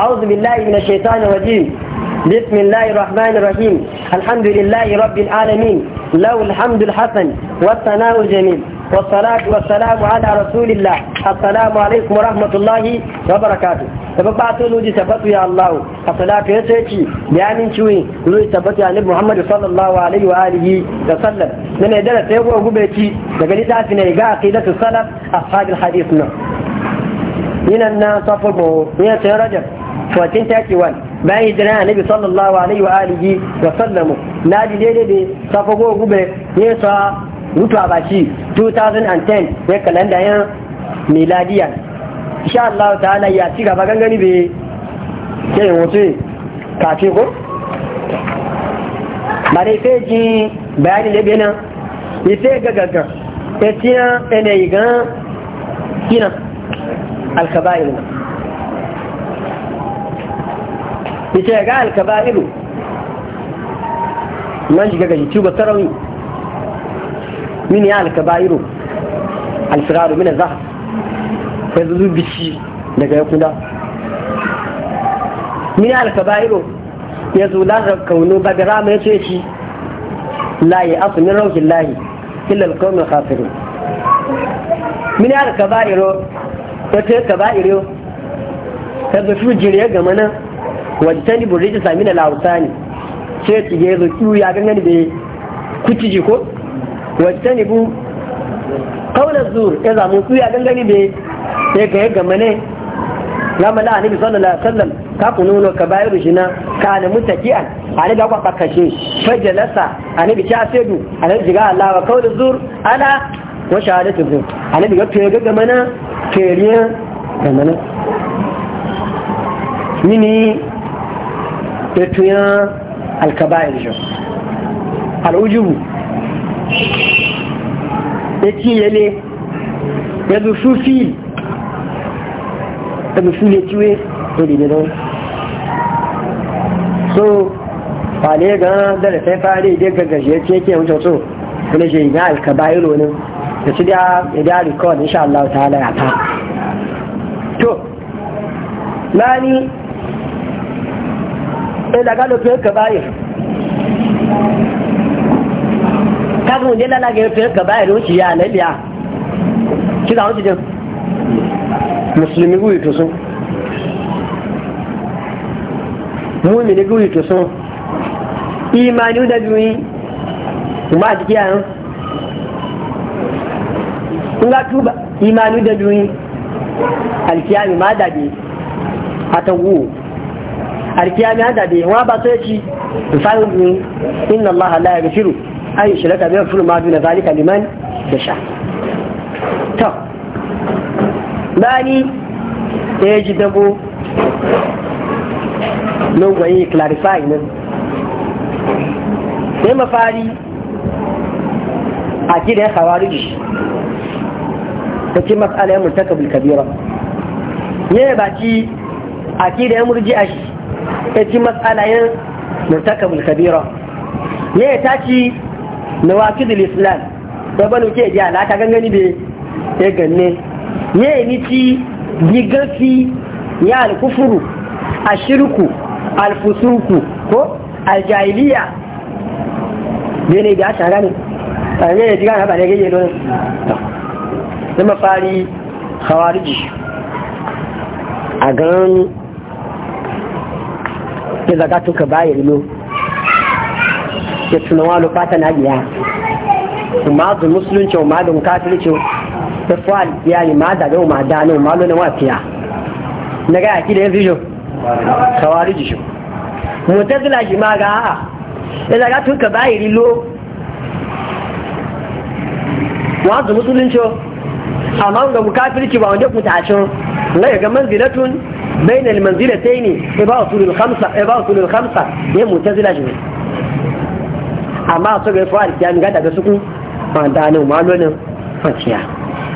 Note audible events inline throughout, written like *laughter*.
أعوذ بالله من الشيطان الرجيم بسم الله الرحمن الرحيم الحمد لله رب العالمين له الحمد الحسن والثناء الجميل والصلاة والسلام على رسول الله السلام عليكم ورحمة الله وبركاته tabbatu ya Allah as-salatu ya sai ci bayanin ciwi tabbatu ya Annabi muhammadu sallallahu alaihi wa alihi da sallam ne ne da sai go gube ci daga littafi ne ga aqidatu salaf ashabil hadis na ina na safar mu ya tsaye rajab 1431 bayan hijira nabi sallallahu alaihi wa alihi wa sallamu na ji daidai da safa go gube ya sa mutu a bashi 2010 ya kalanda yan miladiya insha Allah ta'ala ya ci gaba gangani be ke wato ka ce ko bare feji bayani da bena ni gaga ga gaga etiyan ene igan kina alkaba'ir yace ga alkaba'iru man shiga gaji tuba sarawi min ya alkaba'iru alfiraru min zah ya zuzu bici daga ya yakuda min ya alkaba'iru ya zula da kauno babira mai ce shi la ya asu min rauhin lahi illa alqawmul khasirun min ya alkaba'iru ko ta ka ba ire ta ga su jire ya gama nan burri ta mina ne sai ki ga zo kiwu ya gangan da kuciji ko ni bu kaula zur ya zamu kiyu ya gangan da ya ga ga mana lama la annabi sallallahu alaihi wasallam ka kununo ka bayar shi na kana mutaki'an ani da kwa fakashe fajalasa annabi ta sedu annabi jiga allawa kawai da zur ala wa shahadatu zu annabi ga to ga gama na keriya gama na mini etuya alkaba'ir jo al'ujubu eti yele yazu sufi yazu sule tiwe to di da so ba ne ga da sai fare dai gaggaje yake yake wuce so kuma shi ga alkaba'ir wani. da su da ya da record insha Allah ta'ala ya ta to nani eh daga lokacin ka bayar kagun je lalage fe ka bayar wuce ya na biya kida wuce din musulmi guyi to sun mu'mini guyi to sun imani da biyu ma jikiya ne nga tuba imanu da duni alkiyami ma da be atangu alkiyami da be wa ba sai ci fayu duni inna allah la yaghfiru ayi shirka bi furu ma duna zalika liman yasha to bani da ji dabo nan gwaye clarify nan sai mafari a kidan hawari wace mas'ala ya murtaka bil kabira ne baki akida ya murji a shi ya ci mas'ala ya murtaka bil kabira ne ta ci nawakidul islam da banu ke ji ala ta gangani be ya ganne ne ni ci bigafi ya alkufuru ashirku alfusuku ko aljahiliya ne ne da ta gani ne ya ji gana ba da gaje don na mafari hawariji a ganin ya zaga tuka baya ilo ya tunawa lufata na biya umaru musulunci umaru kafirci ta fuwa ya yi ma da ma da ne umaru na wafiya na gaya ki da ya fijo hawariji shi zula shi ma ga a'a ya zaga tuka bayan ilo wazu musulunci amma ga mukafirci ba wanda kuta cin la ga manzilatun bayna al manzilatayn iba e usul al khamsa iba e usul al khamsa ya mutazila shi amma so ga fa'al ya ga daga suku ba da ne malonin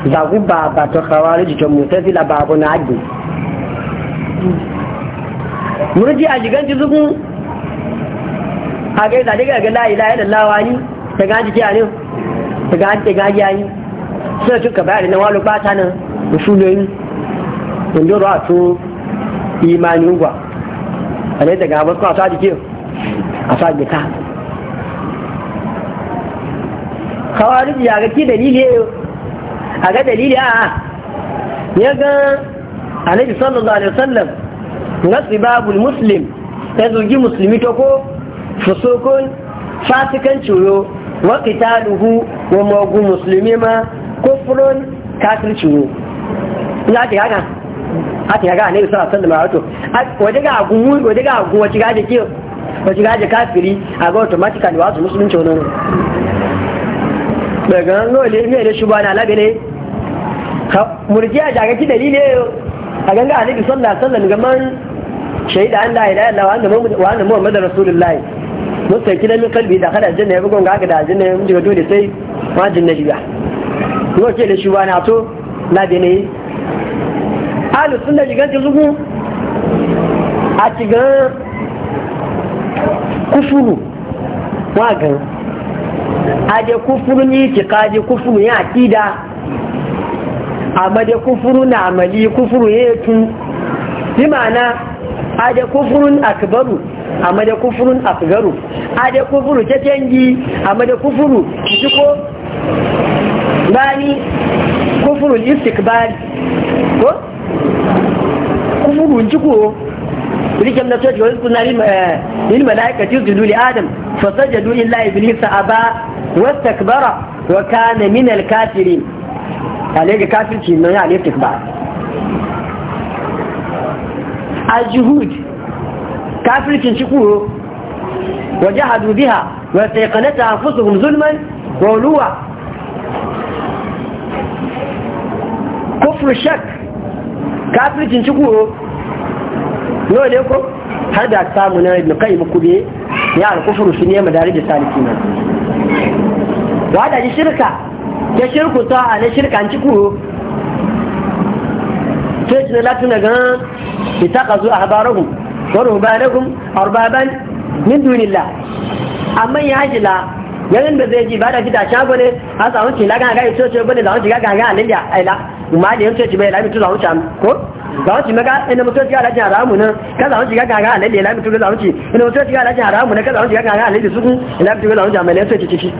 Za ku ba ba to khawarij to mutazila ba abu na addu murji a jigan ji zuku a ga da daga ga la ilaha illallah wani ta gaji ki a ne ta gaji ta gaji sai tun ka bayani na wani bata nan in kundin a to imani ugwa a ne daga abu a sa jike a sa gita kawari ya ga ki dalili a ga dalili a ya ga alaihi sallallahu alaihi wasallam nasi babul muslim ya zugi musulmi ta ko fusukun fasikan ciyo wa qitaluhu wa magu muslimi ma kufrun kafirci ne ina ta yaga a ta yaga ne sallallahu alaihi wasallam wato waje ga gumu wadda ga gumu wacce gaje ke wacce gaje kafiri a ga automatically wasu musulunci ne daga nan ne ne da na alabe ne murjiya daga ki dalili a ganga annabi sallallahu alaihi wasallam gaman shaida an la ilaha illallah wa anna muhammadar rasulullahi mutaki da min kalbi da kada aljanna ya bugon ga ga da aljanna mun jira dole sai wajin najiya yóò da lè ṣùgbọ́n ní àtó láti ní alùsùnlẹ̀ jìgán ti kufuru àti gan a wọn àgàn adé kúfùrù ní ìtìká adé kúfùrù yẹn àkídá àmàdé kúfùrù na àmàlí kúfùrù yẹn tún ní màánà adé kúfùrù àkìbárù àmàdé a àkìgárù kufuru kúfùrù tẹ́tẹ́ ń yí kufuru kúfùrù الاستقبالي كفر الاستقبال كفر انجكو ولي كم نتوجه ويذكرنا آه، للملائكة يسجدوا لآدم فسجدوا إلا إبليس أبا واستكبر وكان من الكافرين عليك كافر كينا يعني الاستقبال الجهود كافر كنشكوه وجهدوا بها وسيقنتها أنفسهم ظلما وولوا kafir shak kafircin ci kuro no ne ko har da samu na ibn qayyim kube ya al-kufru shi ne madari da salikina wa da shirka ta shirku ta ala an ci kuro sai ci na latina ga itaqazu ahbarahum wa rubanahum arbaban min dunillah amma ya jila yayin da zai ji ba da fita shago ne a samun kila ga ga iso ce bane da wani shiga ga ga alayya aila ma da yanzu ci bai lami tun zaunci ko zaunci maka ina mutum ci alhaji haramu nan ka zaunci ga gaga alhaji lami tun zaunci ina mutum ci alhaji haramu nan ka zaunci ga gaga alhaji suku ina mutum zaunci amma ne ci ciki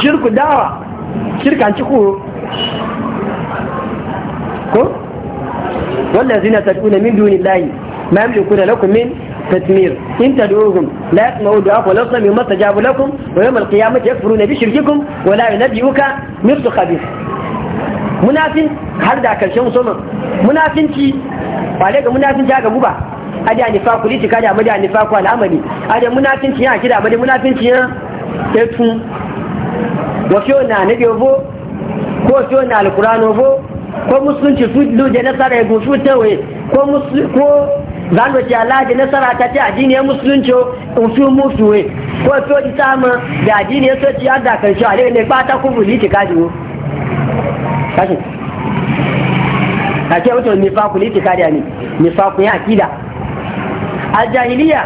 shirku dawa shirkan ci ko ko والذين تدعون من دون الله ما يملكون لكم تثمير إن تدعوهم لا يسمعوا دعاءكم ولو سمعوا ما استجابوا لكم ويوم القيامة يكفرون بشرككم ولا ينبئك مثل خبيث munafin har da karshen sunan munafinci kwale ga munafinci haka guba aje anifa politika da amaje anifa ku al'amari aje munafinci yana kida amaje munafinci yana etu wa fiyo na nabi bo ko fiyo na alkurano bo ko musulunci su luje na sarai gusu tawe ko zan wace Allah da nasara ta ce addini ya musulunci in fi mu we ko so ji sama da addini ya soci ya da karshe a ne ba ta kubu liti kaji wo kashi ake wato nifaku liti kaji fa ku ya akida al jahiliya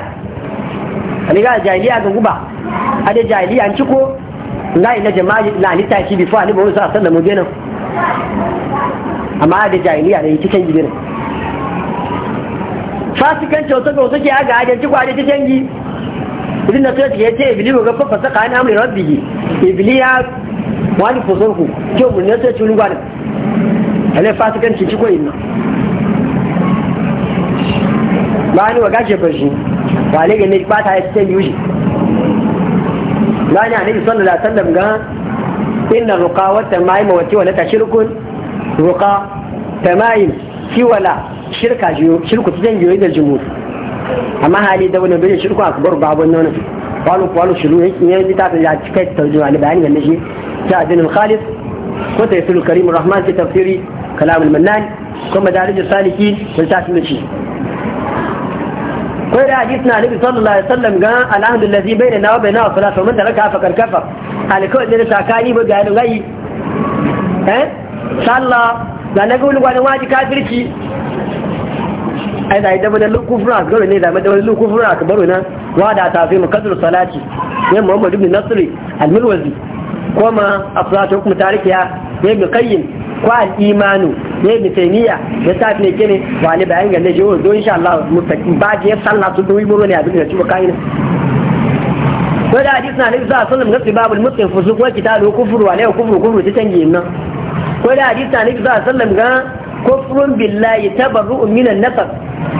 ani ga guba ade jahiliya an ko na ina jama'i la litashi bifo ali ba wasu sallallahu mu wasallam amma da jahiliya ne cikin gidan fasikanci wasu ga wasu ke aga ajanci ko ajanci canji idan na sai ya ce ibili ga fa saka an amri rabbi ibili ya wani fusurku ke mun ne sai ci lugwa ne ale fasikanci ci ko inna ba ni wa gashe fashi ba le ga ne ba ta ya ce yuji ba ni annabi sallallahu alaihi wasallam ga inna ruqa wa tamayim wa tiwala tashrikun ruqa tamayim tiwala shirka jiyo shirku ta zan da jimu amma hali da wani bai shirku akbar babu nan wani kwalo shiru ne yi ta ya cika tarjuma ne bayani game shi ta adinul khalis ko ta yasiru karim rahman ta tafsiri kalamul mannan ko madarij ta wal shi. ko da hadisi na nabi sallallahu alaihi wasallam ga alhamdu allazi bainana wa bainahu salatu man taraka fa karkafa alkawai da ta kai ba ga gai eh sallah da na ga wani wani kafirci ai da ita bada kufra ga ne da mai da ka baro na wa da ta fi mukaddur salati ne Muhammad ibn Nasri al-Milwazi kuma afsatu kuma tarikiya ne ibn kayyin ko al-imanu ne ibn Taymiya da ta ne kene wa ne bayan ga ne jiwo do insha Allah mutaki ba je sallah su doyi buru ne abin da ci bakai ne ko da hadisi na Nabi sallallahu alaihi babul muslim fusuq ko kitalu kufru wa ne kufru kufru ta tangi nan ko da hadisi na Nabi sallallahu alaihi wasallam ga kufrun billahi tabarru'un minan nafaq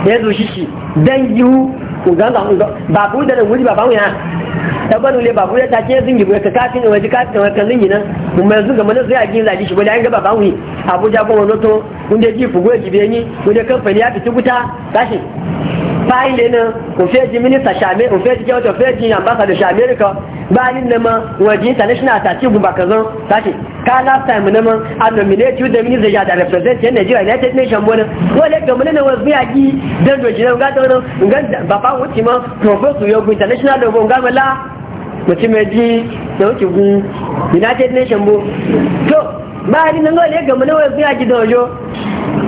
yanzu shi shi dan yiwu uganda ba ku da nan wuri ba ba wuya ta banu le ba ku da take zin gibe ka kafin da waje kafin da kan zin kuma yanzu ga mana sai a gina zaji shi bale an ga ba wuyi abuja ko wani to kun da ji fugo gibe ni kun da kamfani ya fiti wuta tashi fáìlì náà òfin di mínísítà sàmé òfin di jẹ́wọ́tò òfin di ambassadọ̀ ba. rìkọ́ báyìí ma wọ́n di international àtàtì ìgbùnbà kankan sáàkì ká last time ma a nominate you the minister da, represent yẹn Nigeria United Nation bọ́nà wọ́n lè gbẹ̀mọ́ nínú wọn bí a yí dẹ́nu òjì náà gátọ́ náà nga bàbá ma professor yogun international lọ́gbọ̀n nga mọ́ lá mutum ji da wuce gun United Nation, bo to báyìí ní ma wọ́n lè gbẹ̀mọ́ nínú wọn bí a yí dẹ́nu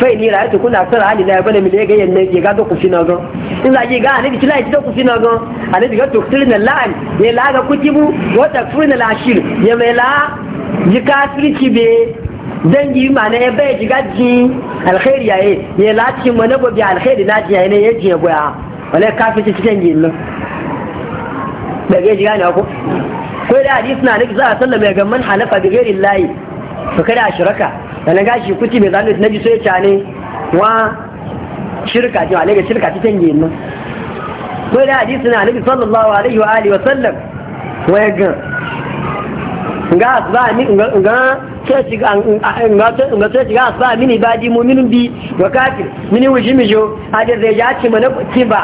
fai ni ra yato kuna sara hali na bane mi ga yanne ke ga ku na ga in za ki ga ani ki lai ki ku na ga ani ga to na la'an ya la ga kujibu wa na la'ashir ya mai la yi kafirci be dangi ma ne ya bai jiga ji alkhairi yayi ya la ci mana go bi alkhairi na ji yayi ne ya ji goya wala kafirci cikin yin nan da ga ne ko ko da hadisi na nabi sallallahu alaihi ya ga man halafa bi ghairi llahi fa kada ashraka na gashi kuti mai zanen na biso ya cane wa shirka ce alaika shirka ta canje nan ko da hadisi na alaihi sallallahu alaihi wa alihi wa sallam wa ya ga ga asba ni ga sai ga ga sai ga asba mini badi bi wa kafir mini wuji jo hada zai ya ci mana ci ba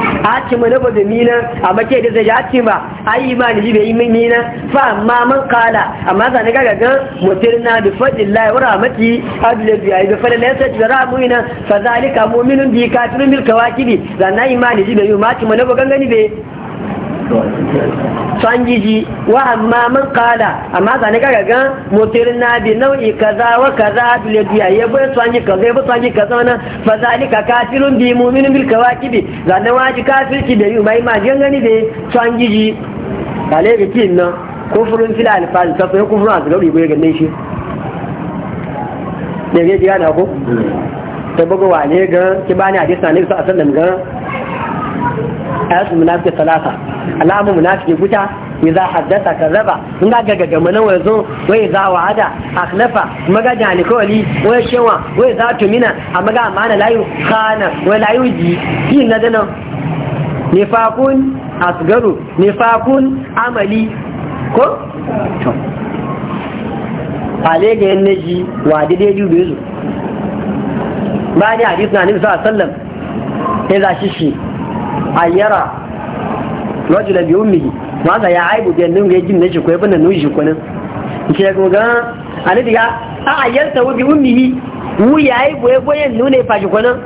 a ci mana ba da mina a make da zai ji ba a yi imani ji bai yi mina fa amma man kala amma za ni gaga gan mutirna na bi fadin wara maki adule biya bi fadin sai da ramuina fa zalika mu'minun bi kafirun bil kawakibi za na imani ji bai yi ma mana ba gangani bai sangiji wa amma man kala amma zane kaga ga motirin na nau'i kaza wa kaza bile biya ya bai sangi kaza ya bai sangi kaza wannan fa zalika kafirun bi mu'minin bil kawakibi zane waji kafirki da yu mai ma gani da sangiji kale bi tin na kufrun fil alfal ta fa kufrun azgabi ko bai nan shi da ga biya na ko ta buga wane ga kibani hadisi na nabi sallallahu alaihi wasallam ga ayatul munafiq salasa alamu munafiki guta haddasa haddatha kadhaba in ga ga ga mana wazo wai za wa'ada akhlafa maga da alkawali wai shewa wai za mina amma ga amana layu khana wai layu ji yin na dana nifakun asgaru nifakun amali ko ale ga yan naji wa dai ju bezu ba ni hadisi na nabi sallallahu alaihi wasallam sai za shi shi ayyara rajulan bi ummihi wa ga ya aibu da nan ga jin ne shi ko yabana nan shi ko nan ke ga ga ani diga a ta bi ummihi wu ya aibu ya goyen nune fa shi ko nan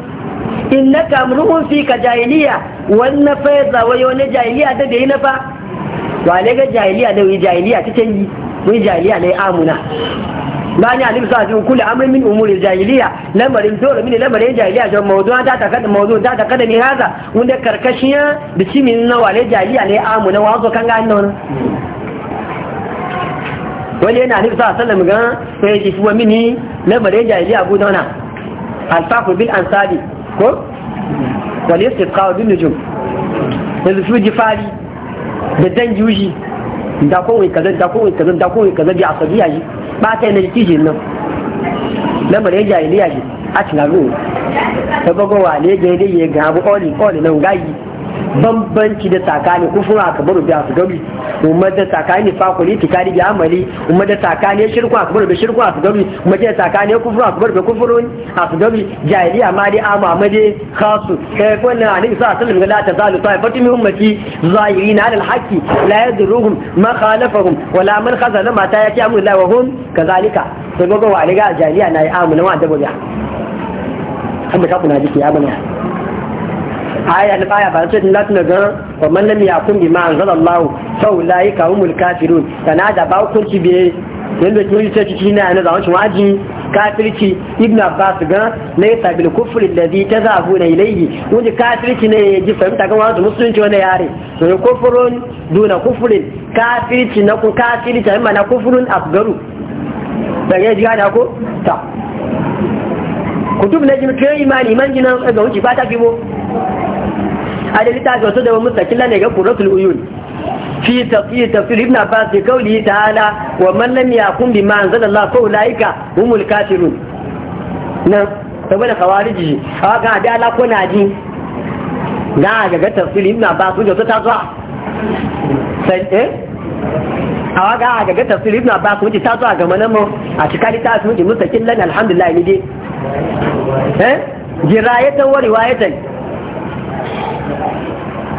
innaka amru'un fi ka jahiliya na fa zawayo ne jahiliya da dai na fa ne ga jahiliya da wi jahiliya ta canji wi jahiliya ne amuna bani alim sa fi kulli amrin min umuri jahiliya lamarin dole min lamarin jahiliya da mawdu'a ta ta kada mawdu'a ta ta kada ni haza wanda da shi min na wale jahiliya ne amu na wazo kan ga annon wani yana alim sa sallam ga sai mini lamarin jahiliya bu alfaqu bil ansabi ko wal nujum da dangi wuji da kowai kaza da kowai kaza da kowai kaza bi asabiya yi bata na jiki nan lamarin jahiliya ji a tunaru ta bagowa ne ga yadda ya gabu oli oli nan gayi bambanci da tsakanin kufura ka bar biya su gabi umma da takani fa ku ni tikari bi amali umma da takani shirku ka bar bi shirku ka gabi umma da takani kufura ka baro bi kufurun ka gabi jahiliya ma dai amma ma dai khasu kai wannan sa sallallahu alaihi wasallam la ta ta'ifatu min ummati zahirin ala alhaqi la yadruhum ma khalafahum wala man khazala ma ta yaki amul la wa hum kazalika sai gogo wa ga jahiliya na yi amana wa dabaga amma ka kuna jiki amana aya na baya ba su na tuna ga wa man lam yakun bima Allah fa ulai ka humul kafirun sana da ba hukunci biye yanda tun yi tace shi na yana da wancan waji kafirci ibn abbas ga na yasa bil kufri alladhi tazabuna ilayhi wanda kafirci ne ya ji fahimta kan wani musulunci wani yare to ya kufurun duna kufrin kafirci na ku kafirci amma na kufurun asgaru daga ya ji gane ko ta kutub na jimi kiran imani man jina ga wuce ba ta a da littafi wasu da wani mustakila ne ga kuratul uyun fi tafsir tafsir ibn abbas bi qawlihi ta'ala wa man lam yakum bima anzalallahu fa ulaika humul kafirun na saboda khawariji haka da ala ko naji na ga ga tafsir ibn abbas ta zuwa sai eh awa ga ga ga tafsir ibn abbas ta zuwa ga manamo a cikin littafi alhamdulillah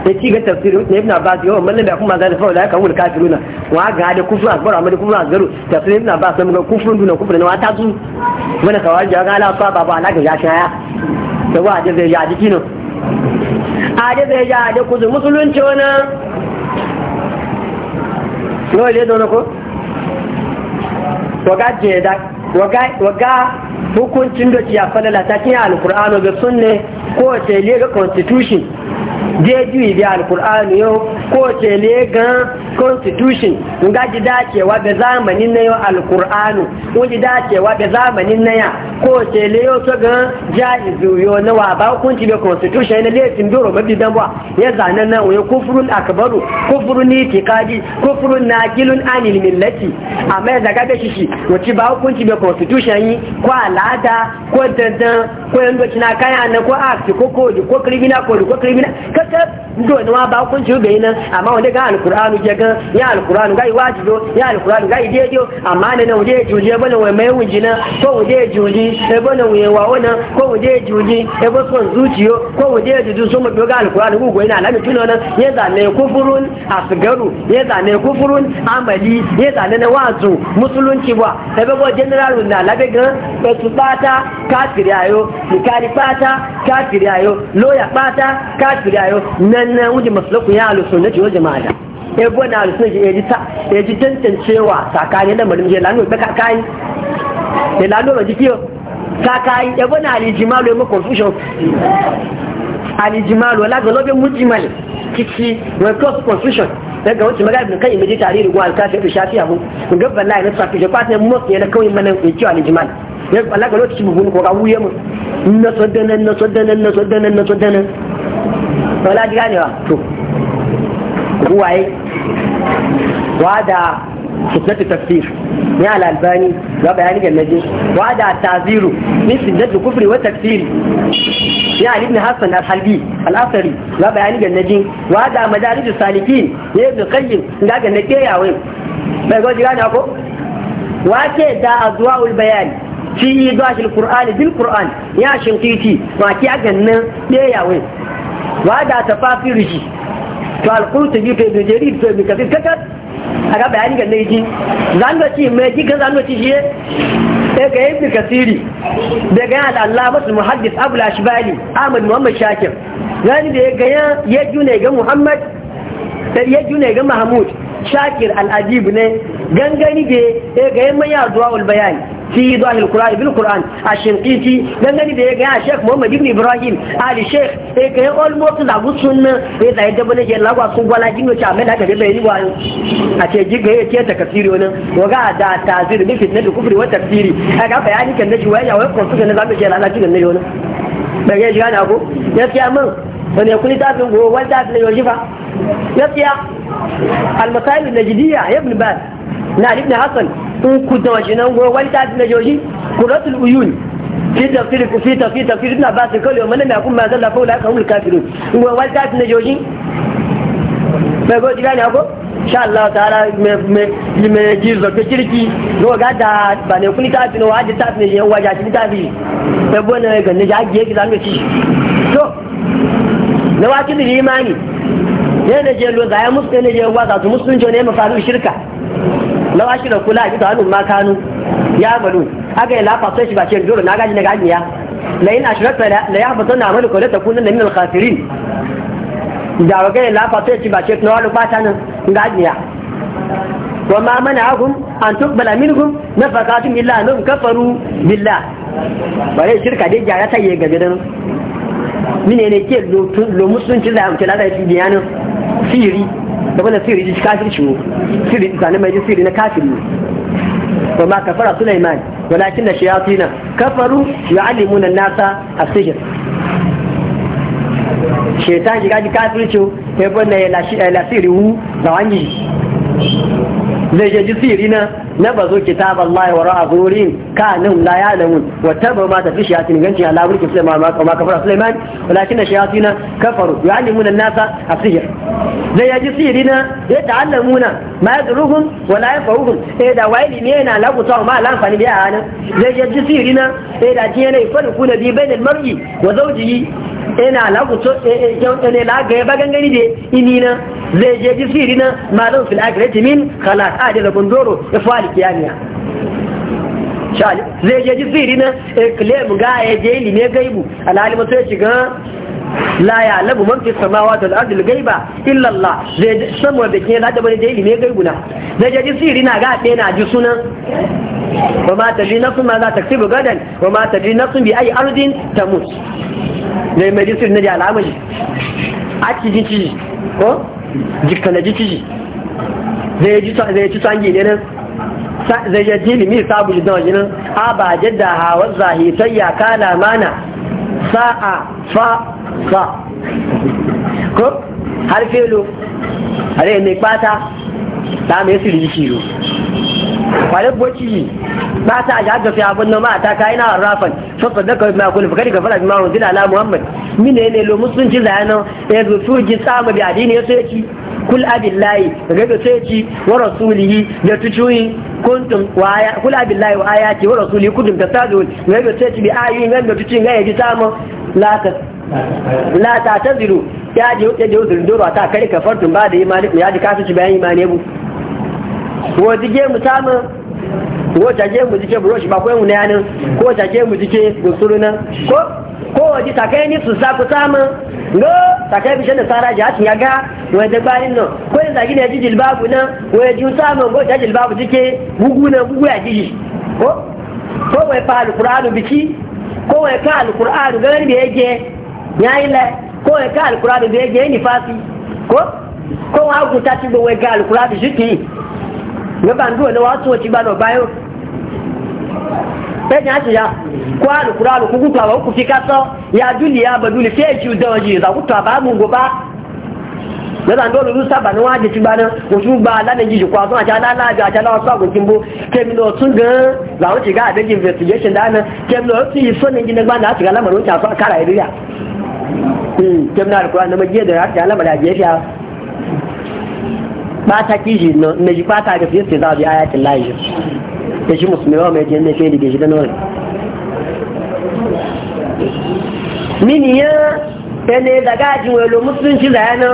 ya ci ga tafsirin na ibn abbas yawan mallan da kuma zalika fa la yakun kafiruna wa ga da kufrun akbar amma da kufrun asgaru tafsirin ibn abbas mun ga kufrun duna ne wa ta su wani kawai ga ala fa baba ala ga ya shaya to wa da zai ya dikino a da zai ya da kuzu musulunci wana no le don ko to ga je da waga hukuncin da ciya falala ta kiyan alkur'ano ga sunne ko ce liga constitution jeju ibi alkur'ani yau ko ce ne gan constitution in gaji dacewa da zamanin na yau alkur'ani in ji dacewa da zamanin na ya ko ce ne yau to gan jaizu yo na wa ba hukunci da constitution na laifin doro mabi dan ba ya zana na wai kufrun akbaru kufrun itikadi kufrun nakilun anil millati amma ya zaga da shi wace ba hukunci da constitution yi ko alada ko dandan ko yanzu kina kaya na ko act ko code ko criminal code ko criminal kata ndo ni ba kun ji bai nan amma wanda ga alqur'anu je ga ya alqur'anu ga do, ya alqur'anu ga ide jo amma ne nan wuje juje bana wai mai wunji nan ko wuje juji e bana wai wa wannan ko wuje juji e ba son zuciyo ko wuje juju so mu ga alqur'anu ku goyi na alamin tuno nan ya zane kufurun asgaru ya zane kufurun amali ya zane na wazu musulunci ba e ba go general na labe ga su bata kafiri ayo mikari bata kafiri loya bata kafiri yau nan nan wuce maslaku ya alusun na ciwo jama'a da ya e, gwada alusun ya e, ji ta ya e, ji tantancewa tsakani da marin ya lalo ta kakai ya lalo ba jikiyo kakai ya gwada alijimalu ya ma confusion alijimalu wala ga lobin mujimal kici wai cross confusion daga wancan magana bin kan imiji tarihi ruwa alkafin da shafiya mu gaba na tsafi da kwatin mos ne na kawai mana mai kiwa alijimalu ya ga lokacin bugun ko ga wuye mu na sodanan na sodanan na sodanan na sodanan to na ji ganewa to ruwaye wada fitnatu tafsir ni al albani ga bayani ga naji wada taziru ni fitnatu kufri wa tafsiri ni ali ibn hasan al halbi al asari ga bayani ga naji wada madarij salikin ya ibn qayyim ga ga nake yawe bai ga jira na Wa ce da azwaul bayani fi idash al qur'ani bil qur'an ya shinkiti ma ki aga nan daya wai ta وهذا تفاصيل شيء فالقرطبي في ابن جرير في ابن كثير A aga bayani ga laiji zanwaci mai jikin zanwaci shi daga ibn kasiri daga yana al'amas muhaddis abu lashibali ahmad muhammad shakir gani da ya gaya ya juna ga muhammad ya juna ga mahmud shakir al'ajibu ne gangani da ya gaya mai yaduwa ulbayani fi zahil a shinkiti dan gani da ya ga Sheikh Muhammad ibn Ibrahim ali Sheikh e ga almost da gusun e a na zamu ce lalaci ga ne ibn Baz na alif hasan in ku da wajen nan wani kuratul uyun في تفسير في تفسير تفسير ابن عباس قال يوم لم يكن ما زال فاولئك هم الكافرون وهل تعرف نجوجي فقلت يعني أبو إن شاء الله تعالى من جيزة كشركي لو قاعد بني كل تعرف إنه واحد تعرف نجي هو جاش بتعرفي فبنا قال نجي عاد جيك زعلنا شيء شو لو أكيد الإيماني يا نجي لو زعيم مسلم نجي هو زعيم مسلم جوني مفعول الشركة law da kula a wani hannun kanu ya malu aga ila faso shi ba ce dole na gaji na gaji ya la in ashirata da ya habbatan na malu kawai kunan na minal khasirin da waga ila faso shi ba ce tunawa lubata nan gaji ya wa ma mana agun an tubbala minhum na fakatun illa nun kafaru Ba bare shirka dai gyara ta yi gabe gidan mine ne ke lo musulunci ya amtala da shi biyanin firi. da wannan sirri ji kafirci ne sirri zane mai ji sirri na kafiri ne wa ma kafara Sulaiman walakin da shayatina kafaru yu'allimuna an-nasa as-sihr shaitan ji gaji kafirci ya bane ya lasiri wu da wani zai je jisiri na na ba zo kitab Allah wa ra'a zurin ka nan la ya wa taba ma ta fi shayatin ganci ala mulki Sulaiman ma kama kafara Sulaiman walakin shayatin kafaru yu'allimuna an-nasa asir zai ya jisiri na ya ta'allamuna ma yadruhum wa la yafahuhum eh da waili ne yana lagu ta ma la amfani a yana zai ya jisiri na eh da jiyana ifadu kuna bi bainal mar'i wa zawjihi ina la kuto eh, eh, ene la ga ba gangani de inina zai je ji sirina malam fil akhirati min khalas ade da gondoro ya fali kiyamiya shali zai je ji na e claim ga ya je ni ne gaibu alhali mutum ya shiga la ya labu man fi samawati wal ardi gaiba illa Allah zai samu da ke da bane da ilimi gaibu na zai je ji na ga ɗaya na ji sunan وما تدري نفس ماذا تكسب غدا وما تدري نفس بأي أرض تموت mai jisir na da alamari a cikin ciji ko jikana ji ciji zai ci sangi ne nan zai yi jilimi sabu ji don jinin a ba jadda hawa ya kala mana sa'a fa fa ko har felo a rai mai kwata ta mai su rikiyo wale boci ba ta aji haka fi abin nan ma ta kayi na rafan fasa da kawai ma kulli fakari gafara jima'a wanzu dila ala muhammad mine ne lo musulunci zayanan ya zo su ji samu bi adini ya so yake kul abillahi daga ga sai ci wa rasulihi da tucuyi kuntum wa aya kul abillahi wa ayati wa rasulihi kuntum tasadu daga ga sai ci bi ayoyin nan da tucuyin ga yaji samu la ta la ta taziru ya ji ya ji uzurin dora ta kare kafartun ba da imani ya ji kasu ci bayan imani bu wo dige mu tamu ko taje mu dike buroshi ba ko koyan wuna yanin ko taje mu dike gusuru nan ko ko waje takai ni su sa ku tamu no takai bishan da sara ji hatin ya ga wai da bayin nan ko yanzu gina ya ji jilbabu nan wai ji samu ko ta jilbabu dike gugu na gugu ya ji ko ko wai fa alqur'anu biki ko wai ka alqur'anu garin da yake yayi la ko wai ka alqur'anu da yake ni fasi ko ko wa ku ta ci wai ga alqur'anu jiki gbẹ́bà ń dúró ní wàá tún bayo? gbà lọ a ti ya kó alùpùpù alùpùpù tó àwọn òkùnfin ká sọ yàdú lìyà abẹ́dúlì fẹ́ẹ̀jì dán yìí ìzàkútù àbámùgbò bá gbẹ́bà ń dúró lórí sábà ní wàá dẹ̀tí gbà náà oṣù gba alánìjì ìjòkó àtún àti aláàjọ àti aláwọ̀sọ àgùnkìnbó kẹmínú ọ̀tún gan làwọn ti ká àbẹ́jì investigation dáná kẹmínú ọ̀tún yìí sọ́ni ìjìnlẹ̀ gbà náà àtìgá alámọ̀rún ti àfọ́ kára ìrírí à hmm, kẹmínú àlùkò ba ta kiji na ji ba ta ga fiye sai za a bi ayatin layi da shi musulmi ba mai jini fiye da shi da nori mini ya ta ne daga ajin welo musulunci da yana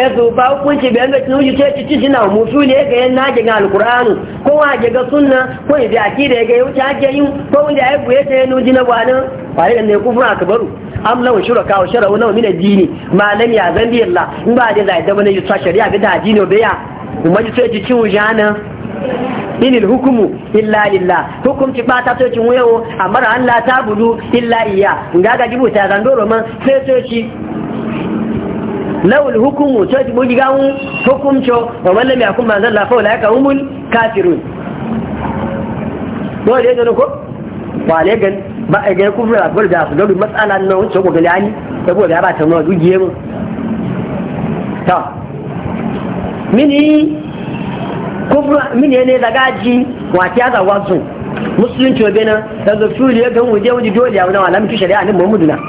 yanzu ba hukunci bayan da cinu ce cikin shi na mutu ne ga yan naji ga alkur'anu ko wa ga ga sunna ko ya aki da ga yau ta ga yin ko wanda ya buye ta yanu jina wani bare ne kufra akbaru am law shuraka wa sharau law min dini ma lam ya zambi Allah in ba da zai da bane yusa shari'a ga da addini ya kuma ji sai cikin wujana in hukumu illa lillah hukumci ba ta so cin wayo amma Allah ta budu illa ga ga jibuta zan doro man sai lawul hukumu to ji bugi ga wa man lam yakum ma zalla fa ulaika humul kafirun dole ne ko ba ba a ga kufra gol da su dole matsala nan wuce ko gali ani saboda ba ta nawa dugiye mu ta mini kufra mini ne daga ji wa ta ga wazu musulunci obena da zo furiya gan wuje wuje dole ya wani alamin shari'a ne muhammadu na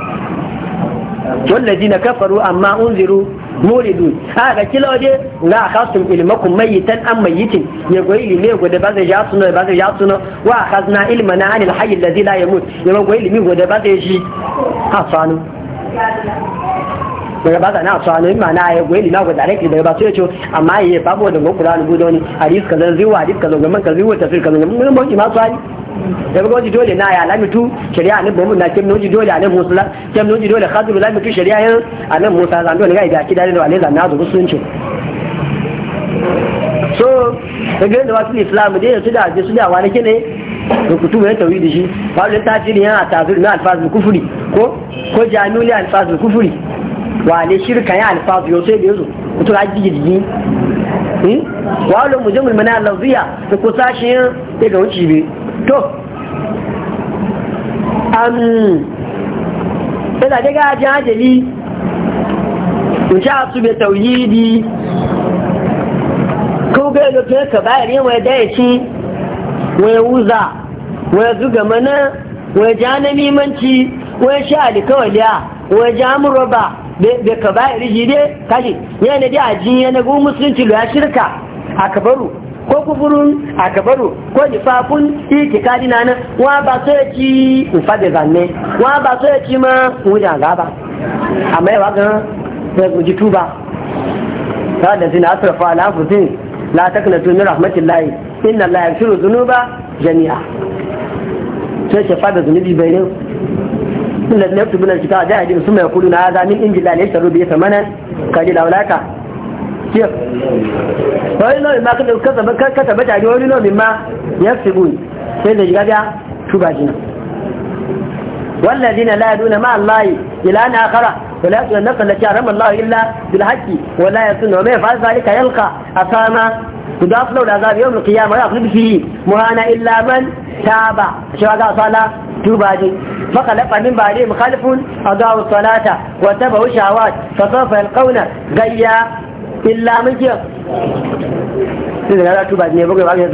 والذين كفروا أما أنذروا موردون هذا كلا وجه لا أخذتم علمكم ميتا أم ميت يقول لي قد بازي جاسنا بازي جاسنا وأخذنا علمنا عن الحي الذي لا يموت يقول لي قد بازي جي حصانو ko ba na so ne ma na ya gweli na gwada rake da ba sai yace amma ya babu da Qur'an bu doni hadis kaza ziwa hadis kaza gaman kaza ziwa tafsir kaza mun mun ma so da ba goji dole na ya lamitu shari'a ne bomu na kem noji dole anan musulla kem noji dole khazir lamitu shari'a yan anan musa zan dole ga ki da wale zan na zo musulunci so daga da wasu islam da yanzu da su da wani kine da kutubu ya tawhidi shi ba da tasiri yana tazir na alfazul kufuri ko ko jami'ul alfazul kufuri wale shirin kan yi alifa su yoso da yoso mutu ka ji jirgi hmm? wa wale mu jimul mana lauziya da kusa shi yin ya ga wuce bi to an sai da daga ajiyar ajali mu sha su bai tauyi di kuga ya lokacin ka bayar yin wai daya ci wai wuza wai zuga mana wai ja na mimanci wai sha alikawaliya wai ja mu roba da ka ba riji dai kashi yana da ajin yana gu musulunci da shirka a kabaru ko kufurun a kabaru ko nifafun itikadi na nan wa ba so ya ci in fada zanne wa ba so ya ci ma wujan gaba amma yawa ga da guji tuba ta da zina asrafa ala fusin la taknatu min rahmatillahi inna la shiru zunuba jami'a sai ce fada zunubi bai ne sun da nafsu bulan shi ta ga hadin sun mai kudu na za min inji da ne sharu bi samana ka ji laulaka kiyar wani nomi ma kasa bata da shiga biya tuba والذين لا يدون مع الله إلى أن آخره ولا يسن النفس التي حرم الله إلا بالحق ولا يسن وما يفعل ذلك يلقى أثاما يضاف له العذاب يوم القيامة ويخلد فيه مهانا إلا من تاب شهداء صلاة توبادي فخلف من بعدهم خلف أضاعوا الصلاة واتبعوا الشهوات فسوف يلقون غيا إلا من جهة إذا لا توبة ne bugu ba ga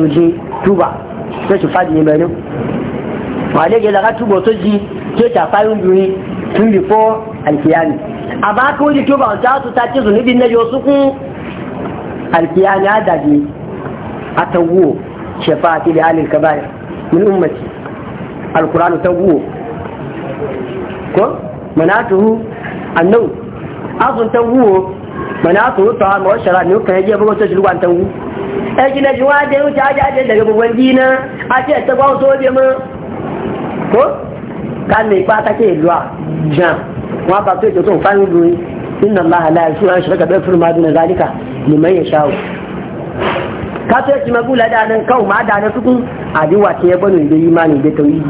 tuba sai shi fadi ne bayan wale ga la tuba to ji ke ta fayun duni tun before alkiyami a ba ka wuce tuba wata su ta ce zunubin na yosu kun alkiyami ya daji a tawo shafa'ati da alil kabari min ummati alkuranu tawo ko mana manatuhu annau azun tawo manatuhu ta hu ta hama ma shara ne kan yaje bugo ta shirwan tawo ai gina jiwa da yau ta aje daga bugon dina a ce ta gwaso je mu ko ká lè pa atákè ìlú à jàn wọn bá tó ètò tó ń fáyín lu iná máa la àlàyé àwọn ìṣẹ̀lẹ̀ kẹfẹ́ fún máa dùn ẹ̀dá ní mẹ́yìn ṣá o. ètò mẹ́kú lẹ́dà káwọn máa dà ní àdéhùn àti ẹgbẹ́ ní yìí máa ní ìdè tó yìí.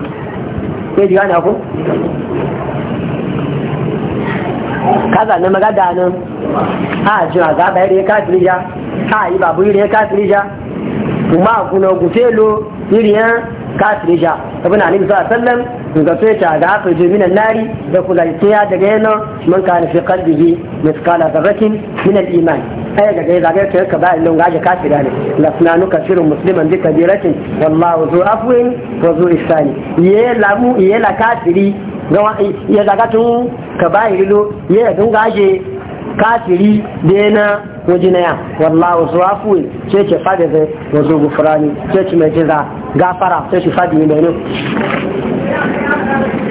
pé jù ánà fún. kága ní mẹ́gá dà àjọ àgá bẹ́ẹ̀ rí káàkiri já rí káàkiri já. kuma kuna gufelo iriya kafirisha abin alim sa sallam ga sai ta da aka je minan lari da kula ya daga yana man kana fi qalbihi miskala dharratin min al-iman ai daga yana zagar ta ka ba ilon illon ka kafira ne lafnanu kafirun musliman bi kabiratin wallahu zu afwin wa zu ihsani ye lamu ye la kafiri ga ya zaga tun ka ba ilo ye dun gaje kafiri da yana ko jinaya wallahu zuwafu ce ce fadi zai wazo gufurani ce ce mai jiza gafara ce ce fadi mai ne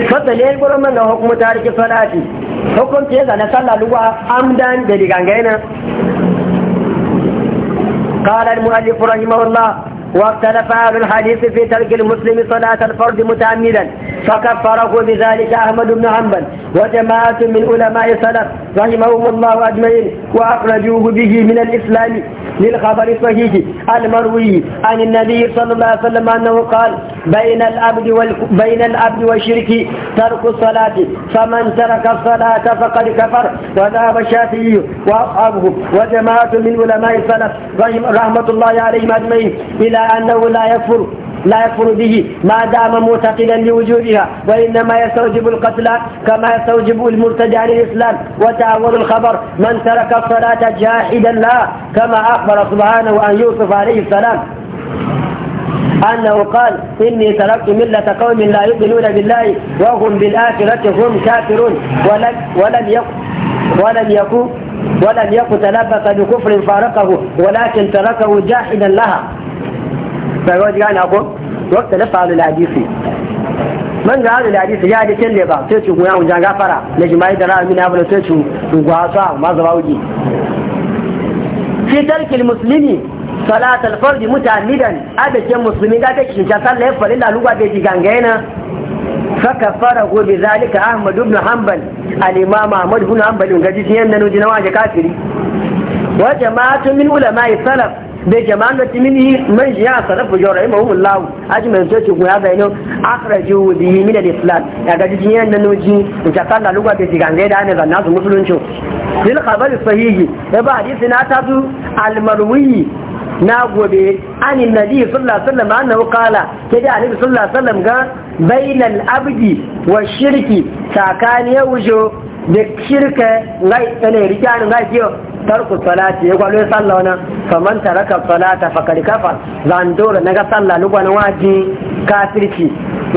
fasali ya yi gurin man da hukumu ta riƙe salati hukunci ya zane sallah luwa amdan da digangaina قال المؤلف رحمه الله واختلف أهل الحديث في ترك المسلم صلاة الفرد متعمدا فكفره بذلك أحمد بن حنبل وجماعة من علماء السلف رحمهم الله أجمعين وأخرجوه به من الإسلام للخبر الصحيح المروي عن النبي صلى الله عليه وسلم أنه قال بين العبد بين العبد والشرك ترك الصلاة فمن ترك الصلاة فقد كفر وذهب الشافعي وأصحابه وجماعة من علماء السلف رحمة الله عليهم أجمعين إلى أنه لا يكفر لا يكفر به ما دام معتقدا لوجودها وإنما يستوجب القتل كما يستوجب المرتد عن الإسلام وتعول الخبر من ترك الصلاة جاحدا لا كما أخبر سبحانه عن يوسف عليه السلام أنه قال إني تركت ملة قوم لا يؤمنون بالله وهم بالآخرة هم كافرون ولم ولم ولم يكن ولم يكن تلبس بكفر فارقه ولكن تركه جاحدا لها sai wajen gane ko wata da falu ladisi man ga hannun ladisi ya da kelle ba sai ci guya wajen gafara na jima'i da ra'amin ya bala sai ci gwasa ma zaba wuji fi tarkil musulmi salat alfardi mutanidan adakin musulmi ga ta cikin sallah ya fari laluwa da gigangayena فكفره بذلك أحمد بن حنبل الإمام أحمد بن حنبل قد يسين ننجي نواجه كافري وجماعة من علماء السلف da jama'an da timini man shi ya sarrafa jawar ima umar lawu aji mai soci guya bai nan akara ji wudi yi mina da islam ya gaji jin yan nan noji da kan da lugwa da jigangai da ana zanna su musulunci lil khabari sahihi ya ba hadisi na tazu almarwi na gobe an nabi sallallahu alaihi wasallam annahu qala ke da annabi sallallahu alaihi wasallam ga bainal abdi wa shirki tsakani ya wujo da shirka ngai tane rikani ngai kiyo tarku salati ya gwalo sallah wannan faman taraka salata faqad kafar zan dora naga sallah lugwan waji kafirci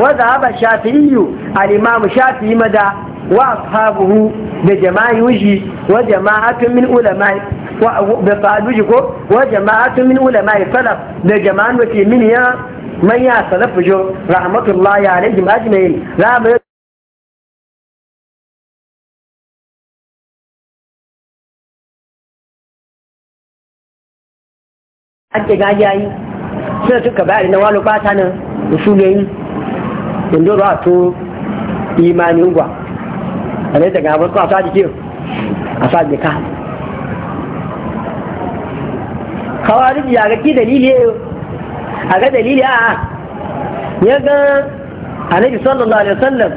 wa zahaba shafi'iyyu al-imam shafi'i mada wa ashabuhu da jama'i wuji wa jama'atun min ulama'i da faduji ko wa jama'atun min ulama'i salaf da jama'an wace min ya man salafu jo rahmatullahi alaihim ajma'in rahmatullahi ake gajiya yi suna tuka bayani na wani bata nan usuliyoyi yanzu ruwa to imanin gwa a ne daga abin kwa sa jike a sa jika kawai ya a gaki dalili a ga dalili a ya ga annabi sallallahu alaihi wasallam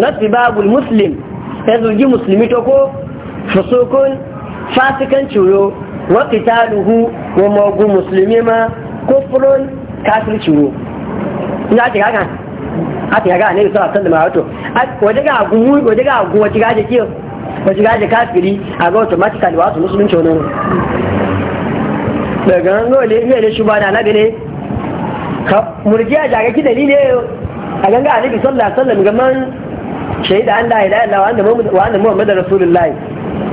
nasi babu muslim ya zurgi musulmi to ko fasokon fasikan ciro wakita qitaluhu wa magu musulmi ma kufrun kafin ciwo ina ce haka a ce haka ne sai san da ma wato waje ga agu waje ga agu waje ga je kiyo waje ga je kafiri a ga automatically wato musulunci wannan daga ngo le iya da shubana na gane ka murjiya jaga ki dalili a ganga annabi sallallahu alaihi wasallam gaman shaida an la ilaha illallah wa anna muhammadar rasulullahi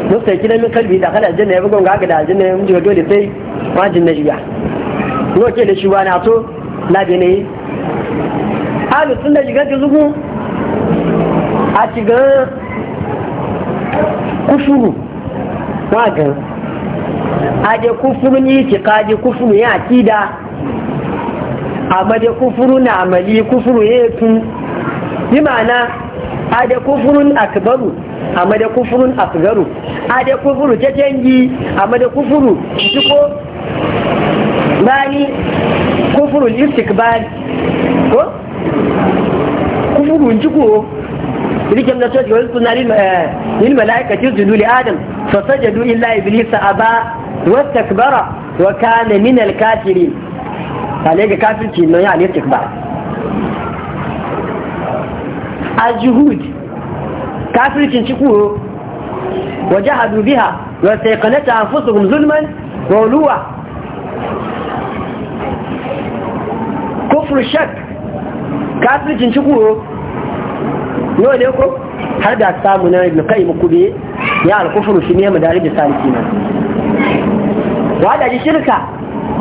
musta kila min kalbi da kala aljanna ya bugon ga haka da aljanna ya mujiga dole sai wajin na shiga ko ke da shi ba na to labe ne halu tun da shiga zugu a shiga kufuru wagan aje kufuru ni ki kaji kufuru ya akida amma je kufuru na amali kufuru ya tun yi ma'ana a da kufurun akbaru a da kufurun Asgaru, a da kufuru ta canji a da kufuru ciko bani kufurun istikbal ko kufurun ciko rikin da soke wani suna lil eh, mala'ikacin su duli adam fasajadu illa iblis a ba wasu takbara wa kana min alkafiri ta ne kafirci nan ya ne istikbal الجهود كافر تنشكوه وجهدوا بها واستيقنتها أنفسهم ظلما وولوة كفر الشك كافر تنشكوه نوع ليكم هذا سامنا ابن قيم كبير يا الكفر في مية مدارب الثالثين وهذا جي شركة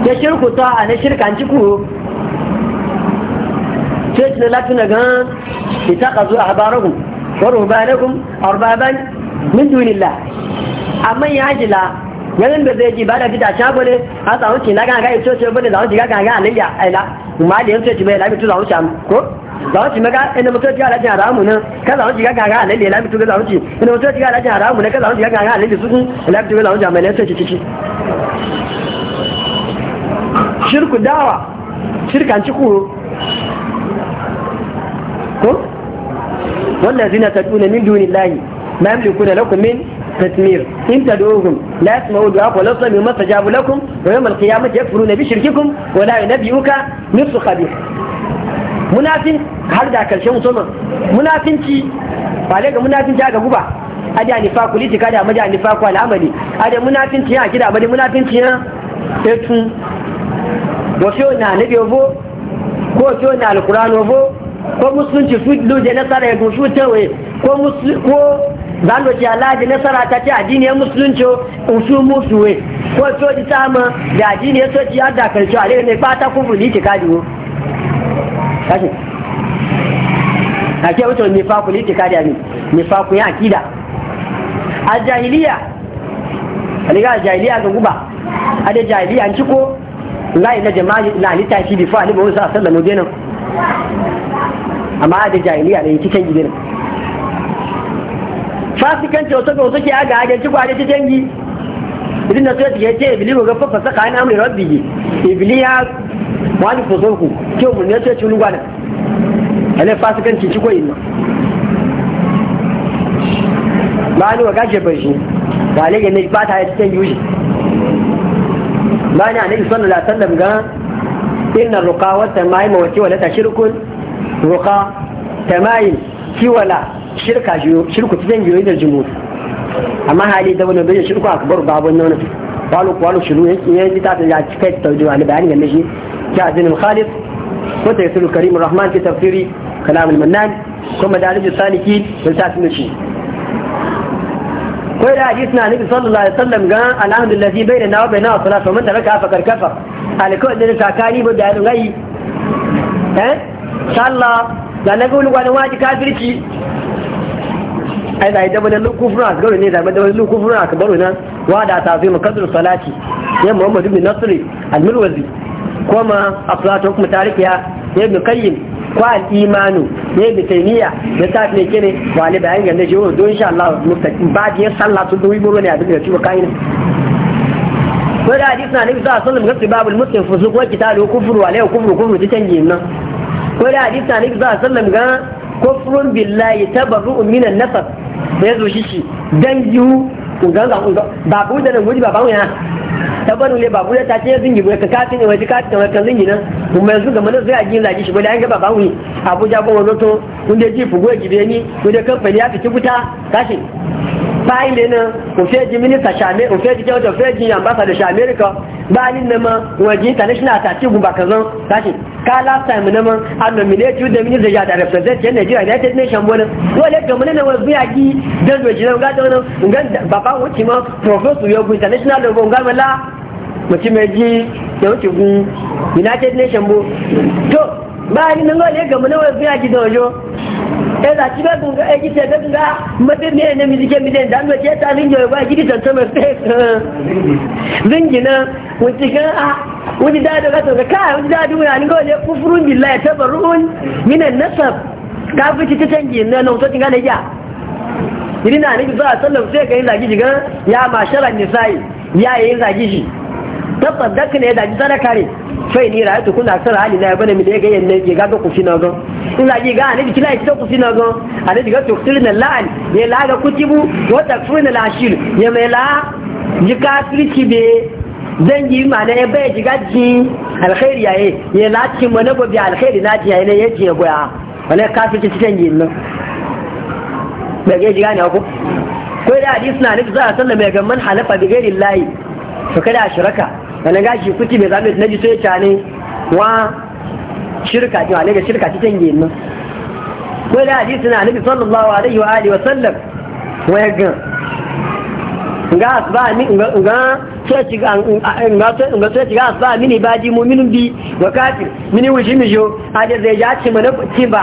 جي شركة طاعة جي شركة تنشكوه sai لكن latina اتخذوا itaqazu ورهبانكم wa من دون min dunillah يعجل ya da zai ji ba da fita shago ne a tsawon ci na ga ga ito ce bane zawon ci ga ga ga aila kuma da yanzu ci mai labi tu zawon ko maga inda mutum haramu ne ka zawon ci ga ga ga tu ga inda mutum ci ga haramu ne ka zawon ci ga ga ga nan tu ga mai labi ci ci shirku dawa shirkan ci ko wannan zina ta tuna min duni lahi ma yamli kuna lakum min tatmir in ta dogum la yasma'u du'a wa la yasma'u ma tajabu lakum wa yawm al-qiyamati yakfuruna bi shirkikum wa la yunabbi'uka mithlu khabir munafin har da karshen musulma munafinci ba lai ga munafinci ga guba a da nifa kulitika da maja nifa ku al'amali a da munafinci ya kida amali munafinci ya etu wasu yau na nabi ovo ko wasu yau na alkurano ovo ko musulunci su luje nasara ya gushu tawaye ko ko zando ci alaji nasara ta ce addiniyar musulunci usu musuwe ko soji sama da so soji ya dakarci a ne ta kuma ni ci kadiwo kashi ake wuce ni fa kuli ci kadiya ne ne fa ya akida a jahiliya aliga jahiliya ga guba a da jahiliya an ciko ko na jama'a na litashi bi fa ni ba wasu sallallahu alaihi wasallam amma da jahiliya ne cikin gidan fasikanci wasu ga wasu ke aga ci kwaje cikin gi idan na sai ya ce ibili ga fafa saka an amri rabbi ibili ya wani ku ke mun ne ce ci lugwana ale fasikanci ci koyin ba ni wa bai shi ba ne ne ba ta cikin wuce ba ni annabi sallallahu alaihi wasallam ga inna ruqawata ma'ima wa tawala shirkun ruka tamayin kiwala shirka shirku cikin giyoyi da jimu amma hali da wani bai shirku akbar babu nan walu walu shiru ya yi ta ya cika ta da wani bayani game shi ki a dinin khalif ko ta yasulu karim rahman fi tafsiri kalam al-mannan kuma da alif saliki da ta tuna shi ko da hadis na nabi sallallahu alaihi wasallam ga alhamdulillah bainana wa bainana salatu man taraka fa karkafa alkawai da ta kani ba da rai eh sallah da na ga wani waji kafirci ai da idan bada a asgaru ne da bada wani kufrun asgaru nan wa da tazim kadru salati ya muhammad ibn nasri al-mirwazi kuma aflatu hukum tarikiya ya ibn qayyim ko al-imanu ya ibn taymiya da ta ne kene wali bayan ganda shi wani don insha Allah mutaki ba da sallah sun dubi buru ne a abin da ciwo kai ne ko da hadisi na nabi sallallahu alaihi wasallam gaskiya babul muslim fusuq wa kitabu kufru wa la kufru kufru ta canje nan ko da hadisi a nufi za sallam ga kofurun billahi tabarru minan nafas da ya zo shi shi dan yiwu uganga babu da nan guji babu ya tabarru le babu da ta ce zingi bai ka kafin ne wani kafin kamar kan zingi nan kuma yanzu ga mana zai ajin zaki shi ba da an ga babu ne abuja ko wani to kun da ji fugo gibe ni kun da kamfani ya fice wuta kashi bayan da nan ofeji minista shame ofeji kyauta ofeji ambassador shi america bayanin nan ma wajen international ta ce gumba kazan kashi ka last time na man a nominate you da minister ya da represent yan Nigeria United Nation wani wale ga mun ne wa biya gi dan do jiran ga don ngan baba wuce ma professor yo international level ngan mala mutum mai ji da wuce gun United Nation bo to ba ni nan wale ga mun ne wa biya gi dojo e da eh, ci ba gun ga e eh, gite da ga mabe ne ne mi dike mi den dan wace ta rinjo ba gidi tantu mai sai *laughs* zingina wuce ga ah, wani dadi ka sauka kai wani dadi wani ni gole kufurun billahi tabarrun minan nasab kafici ta canje na nan to tinga da ya irin na nabi sallallahu alaihi wasallam sai ga yin zagi jiga ya masharan nisa'i ya yin zagi shi tabbas daka ne zagi sadaka ne fai ni rayatu kuna aksar hali na ya bane mi da ya ga yanne ke gaga ku fina ga in zagi ga ne kila ki ku fina ga ale diga to na la'an ya la ga kutibu wa takfurna al-ashir ya mai la ji kafirci be zan yi mana ya bai jiga ji alkhairi yayi ya lati mana gobe alkhairi na ji yaye ya ya goya wala fi ci cikin yin nan bai ga jiga ne ko ko da hadisi na nufi za a sallama ya gamman halafa bi gairi layi to kada a shiraka wala gashi kuti bai zama na ji so ya ne wa shirka ji wala ga shirka cikin yin nan ko da hadisi na nufi sallallahu alaihi wa alihi wa sallam wa ya ga. nga asba mi nga sai ga nga nga sai ga asba mi ne baji mu'minun bi wa kafir mini wuji mi jo a da zai ya ci mana ci ba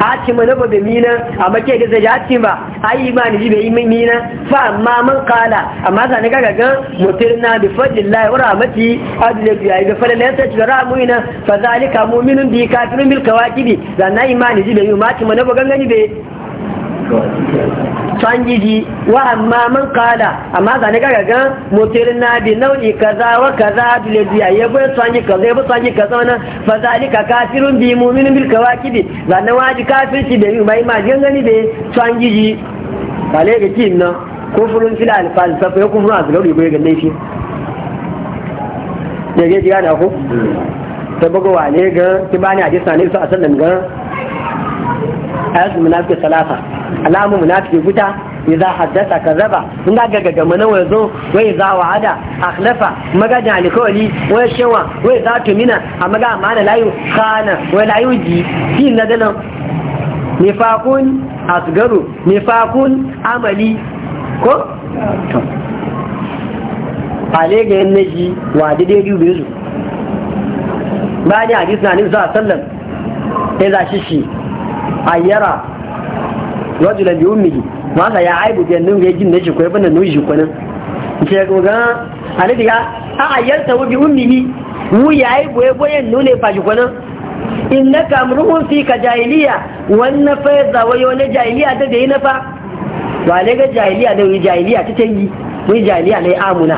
a ci mana ba mi na amma ke da zai ya ci ba ai imani ji bai mi na fa amma man kala amma zan ga ga mutirna bi fadlillahi wa rahmati adla bi ai da fadlan sai ci ramu ina fa zalika mu'minun bi kafirun bil kawakibi zan na imani ji bai ma ci mana ba gangani bai tsangiji wa amma man kala amma zane ga gaga motirin na bi nau'i kaza wa kaza bile biya ya bai tsangi kaza ya bai ka kaza wannan fa zalika kafirun bi mu'minin bil kawakibi zane waji kafirci da yi mai ma gangani da tsangiji kale ga kin nan kufurun fil alfalsafa ya kufurun azgauri ko ga laifi ya ga jiya na ku ta buga wane ga tibani hadisi ne su asalin ga ayatul munafiq salasa alamu munafiki guta idza haddatha kadhaba in ga gaga mana wazo wai za wa'ada akhlafa maga da alkawali wai shawa wai za a amma ga amana layu khana wai layu ji fi nadana nifakun asgaru nifakun amali ko to ale ga yan naji wa dide biyu biyu bayan hadisi na nabi sallallahu alaihi wasallam sai za shi shi ayyara rajulan bi ummihi ma ka ya aibu da nan ga jin da shi ko ibn nan shi ko nan ke ga ga alabi ya a ayyanta bi ummihi mu ya aibu ya boyen ne fa shi ko nan innaka amru'un fi ka jahiliya na fa zawayo na jahiliya da da yi na fa wale ga jahiliya da yi jahiliya ta tangi ni jahiliya ne amuna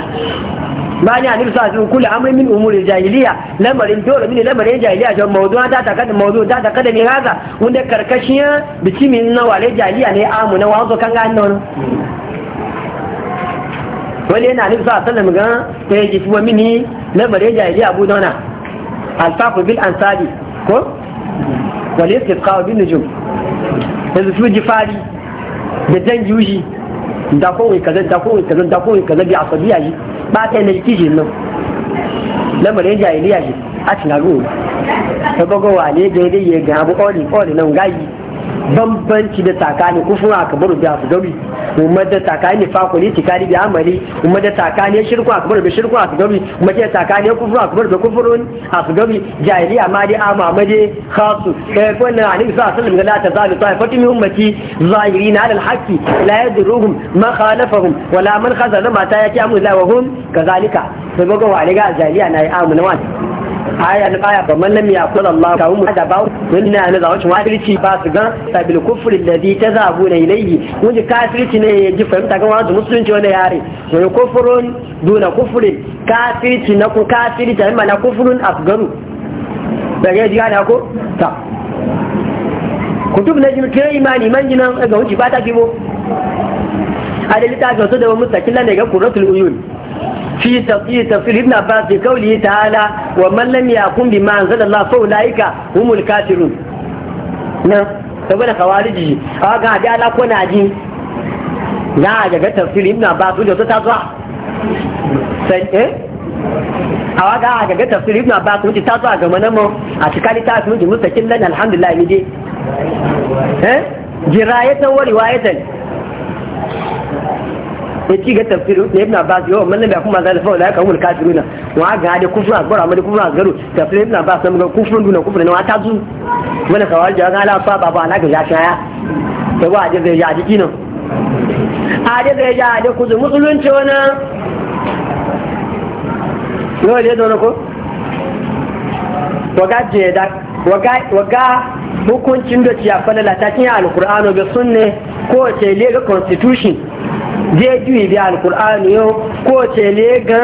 bani anil sa sun kula amri min umuri jahiliya lamarin dole mini lamarin jahiliya jan mawdu da ta kada mawdu da ta kada ne haza wanda karkashin bici min na wale jahiliya ne amu na wazo kan gani nan wani yana nufi a sallam ga ta yi jisuwa mini lamarin jahiliya abu dona alfafu bil ansari ko wale istisqa bil nujum da su fari da dangi yushi da kowai kaza da kowai kaza da kowai kaza bi asabiya yi ba ta ne kijin nan lamarin jahiliya yi a tinago ta bago wa ne da ya ga abu oli oli nan gayi bambanci da tsakani kufin akabar da afgawi kuma da tsakani fakuli kari bi amali kuma da tsakani shirku akabar da shirku afgawi kuma da tsakani kufin akabar da kufurun afgawi jahiliya ma dai amma ma dai khasu eh wannan annabi sallallahu alaihi wasallam ta zalu ta fatin min ummati zahirin ala alhaqi la yadruhum ma khalafahum wala man khazana ma ta yaki amu la kazalika sai bago wa aliga jahiliya na yi amu na wani aya na baya ba mallam a kula Allah ka mu da ba mun na na zawacin wadirci ba su ga sabil kufri na ilayhi mun kafirci ne ya ji fahimta ga wani musulunci wanda yare kufrun duna kufri kafirci na ku kafirci amma na kufrun afgaru da ga ji gane ko ta kutub na imani man jinan ga wuce ba ta kibo a da littafin wasu da wani sakin nan ga kuratul uyun في تفسير ابن عباس بقوله تعالى ومن لم يقم بما انزل الله فاولئك هم الكافرون نعم saboda kawariji a ga da ala ko na ji na ga tafsir ibn abbas da ta zuwa sai eh a ga daga tafsir ibn abbas ta zuwa ga manamo a cikin littafin wuce mustakin lan alhamdulillah ni eh jirayatan wa riwayatan ya ci ga tafsirin na ibn abbas yau man nabi kuma zalika wala ka yakun kafiruna wa ga da kufra akbar amma da kufra garu tafsirin ibn abbas nan ga kufrun duna kufrun wa ta zu wala kawai ga ala fa baba ala ga ya shaya to ba zai ya ji kinan a da da ya da kuzu musulunci wana yau ne da ko waga je da wa ga hukuncin da ciya falala ta cikin alkur'ano bi sunne ko ce lega constitution zai juyi da alkur'ani yau ko ce ne ga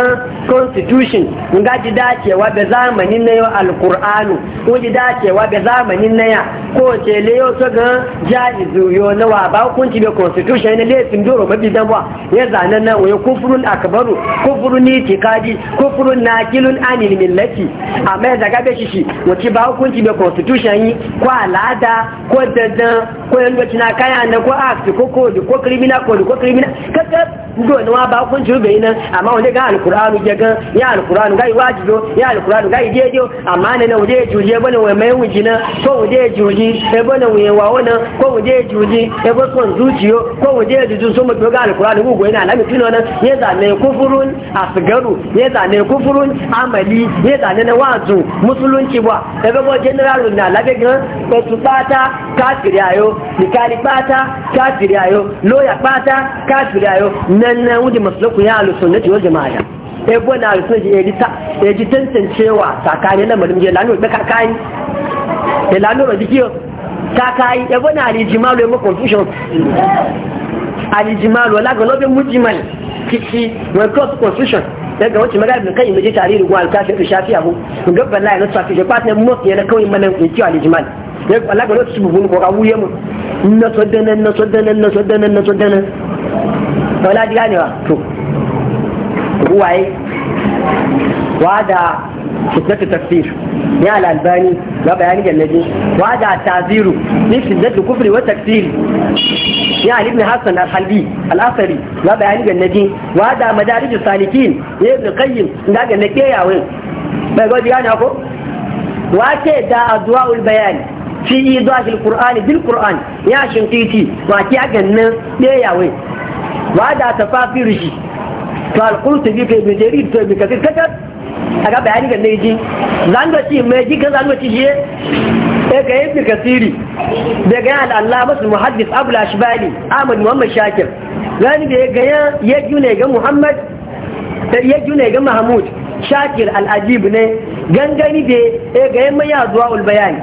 constitution nga ji dacewa da zamanin na yau alkur'anu ko ji dacewa da zamanin na ya ko ce ne yau to ga jaizu yo na wa ba hukunci da constitution ne laifin doro babi dan ba ya zana na wa kufrun akbaru kufrun itikadi kufrun nakilun anil millati amma da gabe shi shi wace ba hukunci da constitution yi ko alada ko dadan ko yanda kina kaya na ko act ko code ko criminal code ko criminal kakkar dole wa ba kun ji bai nan amma wanda ga alqur'anu ya ga ya alqur'anu ga wajibo ya alqur'anu ga jejo amma ne na wuje juje bane wai mai wuji na ko wuje juji sai bane wai wawo na ko wuje juji sai ba son zuciyo ko wuje juju so mu ga alqur'anu gugu yana na mutuna nan ya zane kufurun asgaru ya zane kufurun amali ya zane na wazu musulunci ba sai ba general na labe gan ko su bata kafiri ayo ni kali bata kafiri ayo loya bata kafiri kafira yo nan na wuce maslaku ya alu sunnati wal jama'a e bona alu sunnati e ta e ji tantancewa confusion wala ga wa cross confusion daga wacce ibn je shafi abu tsafi mu kawai manan ga ko ka wuye mu na na na na wala ji ganewa to waye wa da shiddatu tafsir ya al-albani ga bayani jallaji wa da taziru ni shiddatu kufri wa takfir ya ali ibn hasan al-halbi al-asari ga bayani jallaji wa da madarij salikin ya ibn qayyim ga ga nake yawe bai ga ji ganewa ko wa ce da adwaul bayani fi idahil qur'ani bil qur'an ya shinkiti wa ki ga nan yawe وعدا تفاصيله فالقرطبي في ابن جرير في ابن كثير كتب aka bayani ga ne ji zangoci mai ji kan zangoci shi ya ga ibn kasiri da ga al-allama muhaddis abul ashbali ahmad muhammad shakir gani da ya ga ya june ga muhammad ya june ga mahmud shakir al-ajib ne gangani da ya ga yamma ya zuwa ul bayani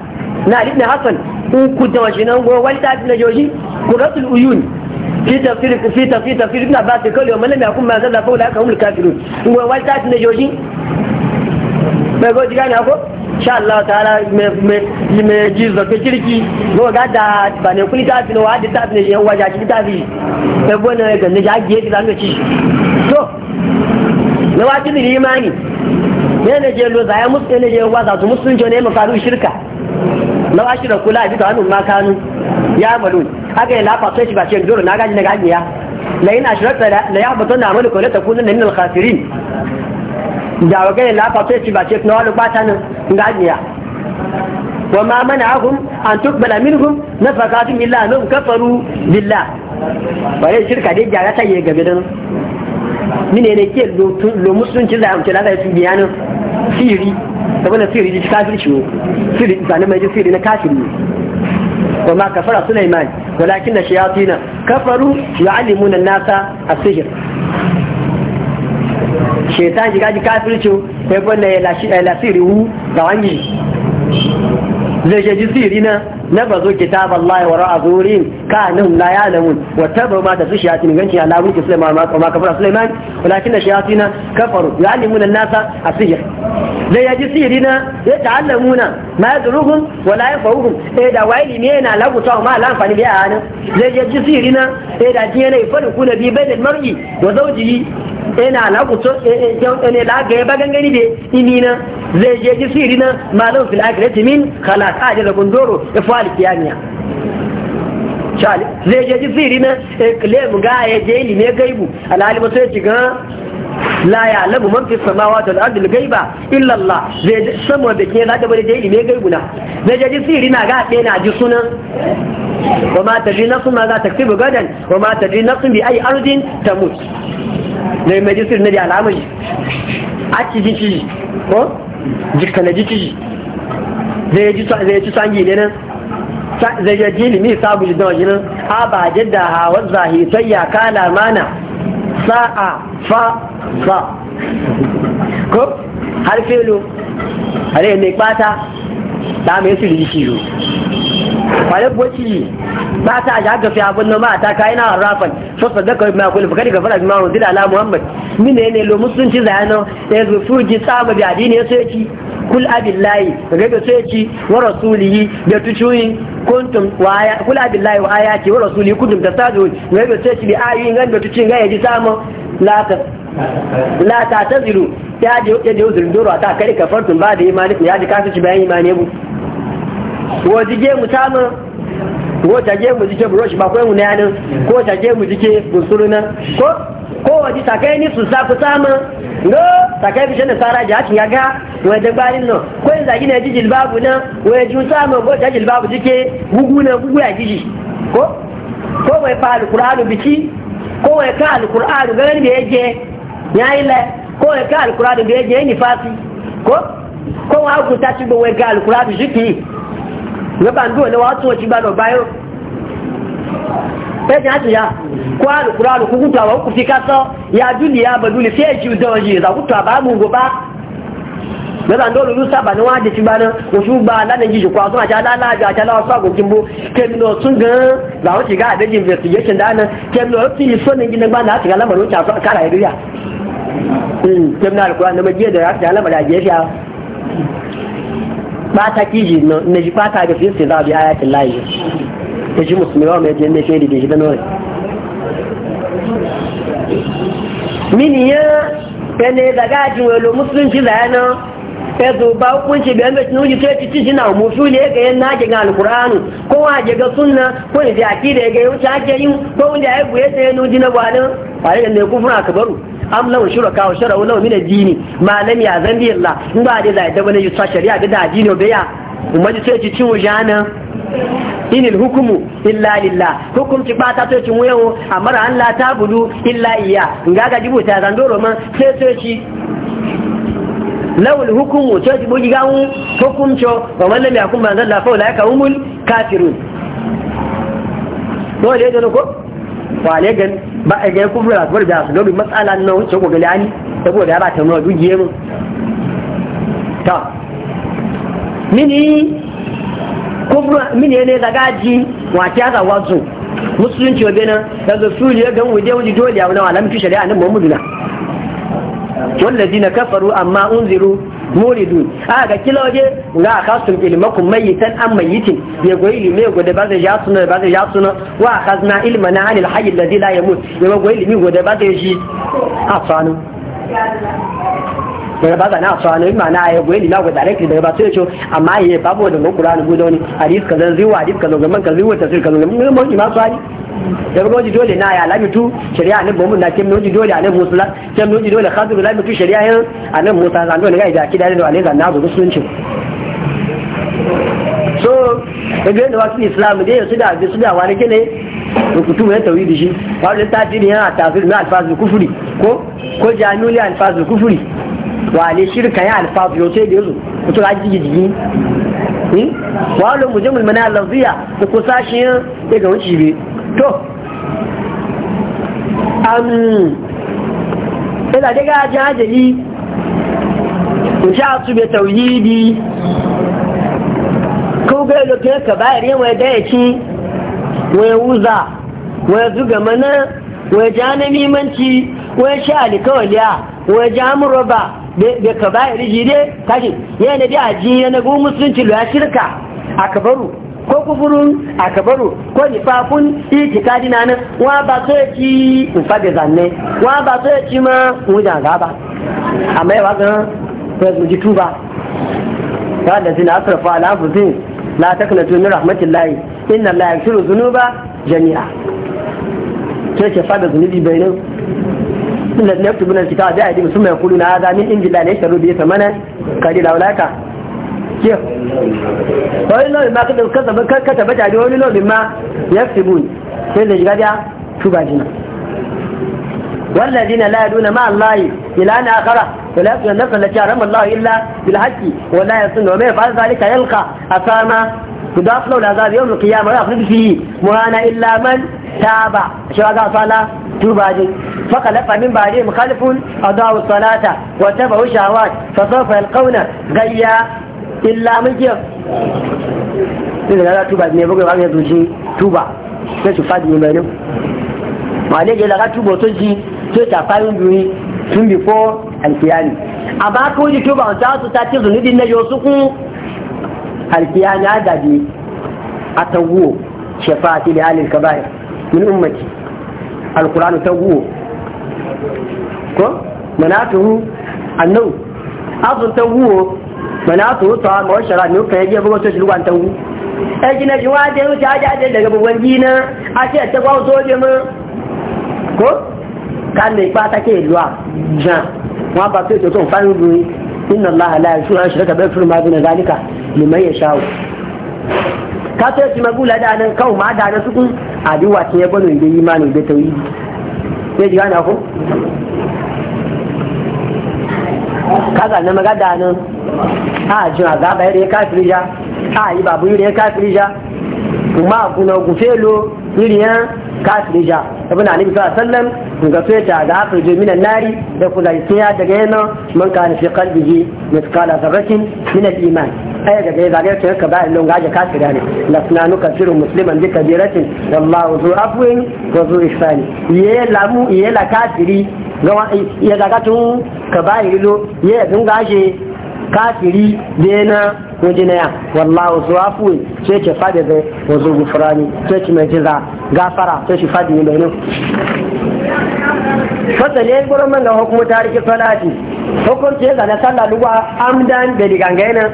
na Ali ibn Hassan in ku da wajinan go wal ta ibn Joji quratul uyun fi tafsir fi tafsir tafsir ibn Abbas kal yawm lam yakun ma zalla fa ulaika humul kafirun go wal ta ibn Joji bai go diga na ko insha Allah ta'ala me me me ji zo ke kirki go ga da ba ne kuli ta ibn wa da ta ibn yawa ja ki ta bi bai go ne ga ne ja ge da ne ci to na ni imani ne ne je lo za ya musu ne je wa za su musulunci ne mu faru shirka Lau law da kula bisa wani ma kanu ya malu aka yi lafa sai shi ba ce dole na gaji na gaji ya la ya ashirata na yahbatuna amaluka la takunanna na yin khasirin da waga yi lafa sai shi ba ce na wani bata na gaji ya wa ma mana ahun an tuqbala na nafaqatun illa annahum kafaru ba yi shirka dai gyara ta yi gabe da mine ne ke lomusuncin zai amce na zai su biyanin siri saboda sirri ji kafirci ne sirri zane mai ji sirri na kafir ne wa ma kafara sulaiman walakin na shayatina kafaru yu'allimuna an-nasa as-sihr shaitan shiga ji kafirci ya gwanna ya lasiri wu ga wani zai ji sirri na na bazo kitab Allah wa ra'a zurin ka nan la ya'lamun wa tabu ma da su shayatin ganci ya lawo ki Sulaiman ma kuma kafara Sulaiman walakin shayatina kafaru ya'limuna an-nasa asihr dai yaji sirina ya ta'allamuna ma yadruhum wa la yafahuhum eh da waili ne yana lagutawa ma la amfani bi a nan dai yaji sirina eh da ji yana ifadu kuna bi bayin mar'i wa zawjihi ina na ku to e, e, ne la ga ba gangani be ini na zai je ji siri na malam fil akhirati min khalas aje da gondoro ya fa alkiyamiya zai je ji siri na e claim ga ya je ilimi gaibu alhali ba sai ci ga la ya labu man fi samawa da al'adul gaiba illa Allah zai sama da ke za ta bari da gaibu na. zai je sirri na ga ɗaya na ji sunan wa ma tadri nafsun ma za ta kibu gadan wa ma na nafsun bi ai ardin tamut ne mai ji sirri na da al'amari a ci ji ci ko jikka na ji ci zai ci sangi ne nan zai je ji ilimi sabu jidan wajen a ba jidda hawa zahitayya kala mana sa'a fa fa ko har felo har ne kwata ta mai su da shi waye boci ba ta ja gafi abin nan ma ta kai na rafan so sadaka ma kullu fa kadi gafara ma mun dila ala muhammad min ne ne lo musulunci zayano ya zo furji tsaba bi adini ya sai ci kul abillahi ga ga sai ci wa rasulihi da tuchuyin kuntum wa ya kul abillahi wa ayati wa rasulihi kuntum tasadu ga ga sai ci bi ayi ngan da tuchuyin ga ya ji samu la ta la ta ya je ya je uzurin ta ta kare kafartun ba da imani ya ji kasu ci bayan imani bu wọ́n ti mu tamu ko ta je mu jike brush ba ko mu ne anin ko ta je mu jike busuru na ko ko waje ta kai ni su sa ku sama no ta kai bi shine sara ji hakin yaga wai da barin no ko zagi ne ji babu na wai ju sama ko ta babu jike gugu na gugu ya jiji ko ko wai fa alqur'anu biki ko wai ka alqur'anu ga ne yake yayi la ko wai ka alqur'anu ga yake ni fasi ko ko wa ku ta ci wai ga alqur'anu jiki lọ́pàá ń dùn ní wàá tún ọtí bá lọ báyọ̀ fẹ́jìn àti ya kó alùkúrò alùkúkú tó àwọn òkùnfin kásọ́ ya dúlì ya bẹ̀dúlì sí èjì ìdán yìí ìzàkútọ̀ àbámu gbogbo lọ́la ń dọ́lù lùsàbà ni wọ́n á di ti gbaná oṣù gba alánàjì ìṣòkò àwọn àti aláàjọ àti aláwọ̀sọ́ àgòkí mbó kẹmínà ọ̀tún gan-an làwọn ti gá àbẹ́jì investigation dáná kẹmínà ọ̀tún yìí sọ́ni jí nígbà náà ti gá lámàrin oúnjẹ àtọ́ kára ìrírí à hmm, kẹmínà àlùkò ànàmọ́jì ẹ̀dọ̀ àti alámàrin àjẹ́fíà ba ta kiji no ne ji bata ga fi sai da bi ayatin layi ta ji musulmi wa mai jinne shi da shi da nore mini ya kene daga ji welo musulunci da yana ezo ba hukunci bayan mai tunuji ta ci cici na musu ne ga yin nage ga alqur'ani ko wa je ga sunna ko ne da akida ga yau ta ke yin ko wanda ya yi buye sai nuji na gwanin bana bare ne kufra kabaru am lahu shuraka wa shara'u lahu min ad-dini ma lam ya zambi Allah in ba dai zai da wani yusa shari'a da addini ba ya kuma ji sai ci cin wajana inil hukumu illa lillah hukumci ta to cin wayo amma Allah ta bulu illa iya ga ga jibuta zan doro ma sai sai ci lawan hukumu to ji bugi gawu hukumco wa man lam yakum ban zalla fa ulaika humul kafirun dole ne ko wale gan ba a ga kufra da kufra da su dobi matsala na wuce ko gali ani saboda ya ba ta nuna dugiye mu ta mini kufra mini ne da gaji wa ta ga wazo musulunci wa bena su suriya gan wuje wuje dole ya wani alamin shari'a nan muhammadu na kafaru amma أما أنذروا muridu a ga kila waje ga kasum ilmakum mayitan am mayitin ya goyi ilimi gode ba zai ya suna ba zai ya suna wa kazna ilma na anil hayy alladhi la yamut ya goyi ilimi gode ba zai shi a tsanu daga ba zana a tsanu ilma na ya goyi ilimi gode direct daga ba sai ce amma ya babu da Qur'ani gudu ne hadis kaza zai wa hadis kaza zaman kaza zai wa tafsir kaza mun mun ma tsani daga wajen dole na ya lamitu shari'a ne bomun na kem wajen dole anan musula kem noji dole khazir lamitu shari'a yan anan musa zan dole ga ida kidare da alai zanna bu musulunci so daga da wasu islam da su da su da wani kene rukutu ya tauhidi shi wani tajiri yana tafsir na alfazul kufri ko ko jami'ul alfazul kufuri wale shirka ya alfazu yau sai da yazo mutum ajiye jijigi hmm? walo mujamul mana lafiya da kusa shi daga wuce be to am ila daga jajali sha su be tauhidi ko ga lokacin ka bayar yin wai daya ci wai wuza wai zuga mana wai na manci wai sha alikawaliya wai jamuro ba da ka bayar jide kashi yana da ajiye na gu musulunci lo ya shirka a kabaru ko kufurun a kabaru ko nifafun itikadi na nan wa ba so ya ci nfa da zanne wa ba so ya ci ma wujan gaba amma yawa ga mu ji tuba ta da zina asrafa ala anfusihim la taqnatu min rahmatillahi inna allaha yaghfiru dhunuba jami'a ke ke fada zunubi bayanin الذين يكتبون الكتاب بأيديهم ثم يقولون هذا ne عند الله rubi ya samana قليلا laulaka wani lobin ma kada kata bata da wani lobin ma ya fi bu sai da shiga da tuba jina wannan jina la yaduna ma Allahi ila na akara wa la yaduna nafsa lati haram Allah illa bil haqqi wa la yasunu ma fa zalika yalqa asama ku da flow da za biyo mu kiyama ya fi fi murana illa man taba shiga sala tuba jina فخلف من بعدهم خلف أضاعوا الصلاة وتبعوا الشهوات فسوف يلقون غيا illa mijiyar sai da lara tuba ne bugu wani zuci tuba sai su fadi mai ne ma ne ke lara tuba to ji to ta fayin duni tun before alkiyani a ba ko ji tuba wata su ta ce zunubin na yosu kun alkiyani a dabi a tawo shafa'ati da alil kabari min ummati alkur'anu tawo ko manatuhu annau azun tawo mana su ta ma washara ne ka ya bugo to shi lugan tawu e gina ji wa da yuta ja da daga bugon gina a ce ta gwa so je mu ko kan ne ba ta ke luwa ja wa ba to to fa ni inna allaha la yashuru an shirka bi firma bin zalika liman yashau ka to ji magula da nan kawo ma da nan su kun duwa ce ya bano da imani da tauhidi sai ji ana ko kaza na magada nan a jin a zaba yare Ka ja a yi babu yare kafiri kuma kuna gufelo yiriyan kafiri ja ibn ali bin sallam ga feta ga aka je minan nari da da ya daga yana man kana fi qalbihi mithqala dharratin min al-iman ay ga dai zaliyar ta ka bayan lunga ga kafira ne lasna nuka firu musliman bi kabiratin wallahu zu afwin wa zu ihsani ye lamu ye la kafiri gawa ya daga tun ka ba ilo ya yi tun gashe kafiri da na wajen ya wallahu su hafu ce ke fadi zai wazo gufurani ce ce mai jiza gafara ce shi fadi mai nan fasa ne gurin man da hukumu tariki salati hukunci ya zana sallah lugwa amdan da digangaina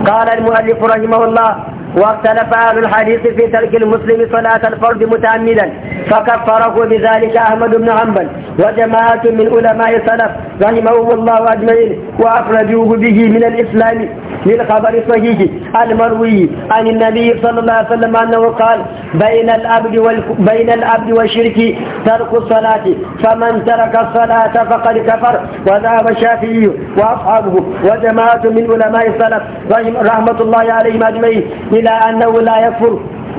قال المؤلف رحمه الله واختلف أهل الحديث في ترك المسلم صلاة الفرد متعمدا فكفره بذلك أحمد بن حنبل وجماعة من علماء السلف رحمهم الله أجمعين وأخرجوه به من الإسلام للخبر الصحيح المروي عن النبي صلى الله عليه وسلم أنه قال بين العبد بين العبد والشرك ترك الصلاة فمن ترك الصلاة فقد كفر وذهب الشافعي وأصحابه وجماعة من علماء السلف رحمة الله عليهم أجمعين إلى أنه لا يكفر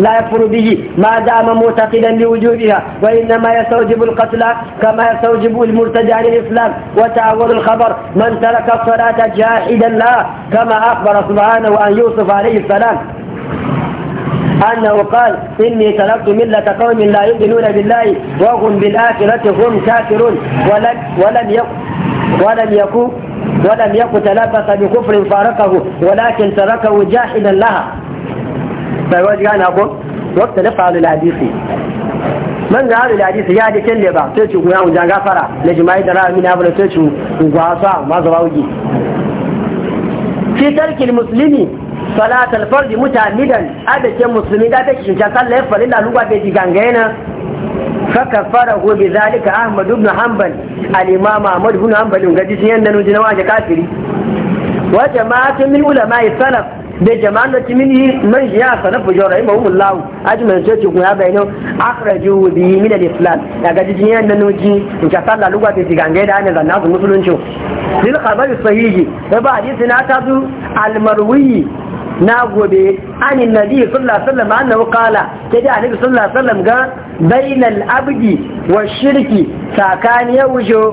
لا يكفر به ما دام معتقدا لوجودها وانما يستوجب القتل كما يستوجب المرتدى عن الاسلام وتعول الخبر من ترك الصلاه جاحدا لها كما اخبر سبحانه عن يوسف عليه السلام أنه قال إني تركت ملة قوم لا يؤمنون بالله وهم بالآخرة هم كافرون ولم ولم ولم يكن ولم يكن تلبس بكفر فارقه ولكن تركه جاحدا لها bai wajen gane ko wata na faru ladisi man da haru ladisi ya da kyalle ba sai ci guya wajen gafara na jima'i da ra'ami na bala sai ci gwasa ma zaba wuge Fitar ki musulmi salatul fardi mutamidan adakin musulmi da ta kishin sallah ya faru laluwa bai ji gangayena فكفره بذلك أحمد بن حنبل الإمام أحمد Gaji حنبل قد سيئنا نجنا kafiri. كافري وجماعة min ulamai السلف da jama'an da timini man ya sana fujo rai ma umul lawu aji man ce ku ya bayano akhraju bi min al islam daga jijin yan nan noji in ka salla lugwa da digange da ne zanna musulunci lil khabar sahihi da ba hadisi na ta du al marwi na gobe an nabi sallallahu alaihi wasallam annahu qala kaji annabi sallallahu alaihi wasallam ga bainal abdi wa shirki sakani ya wujo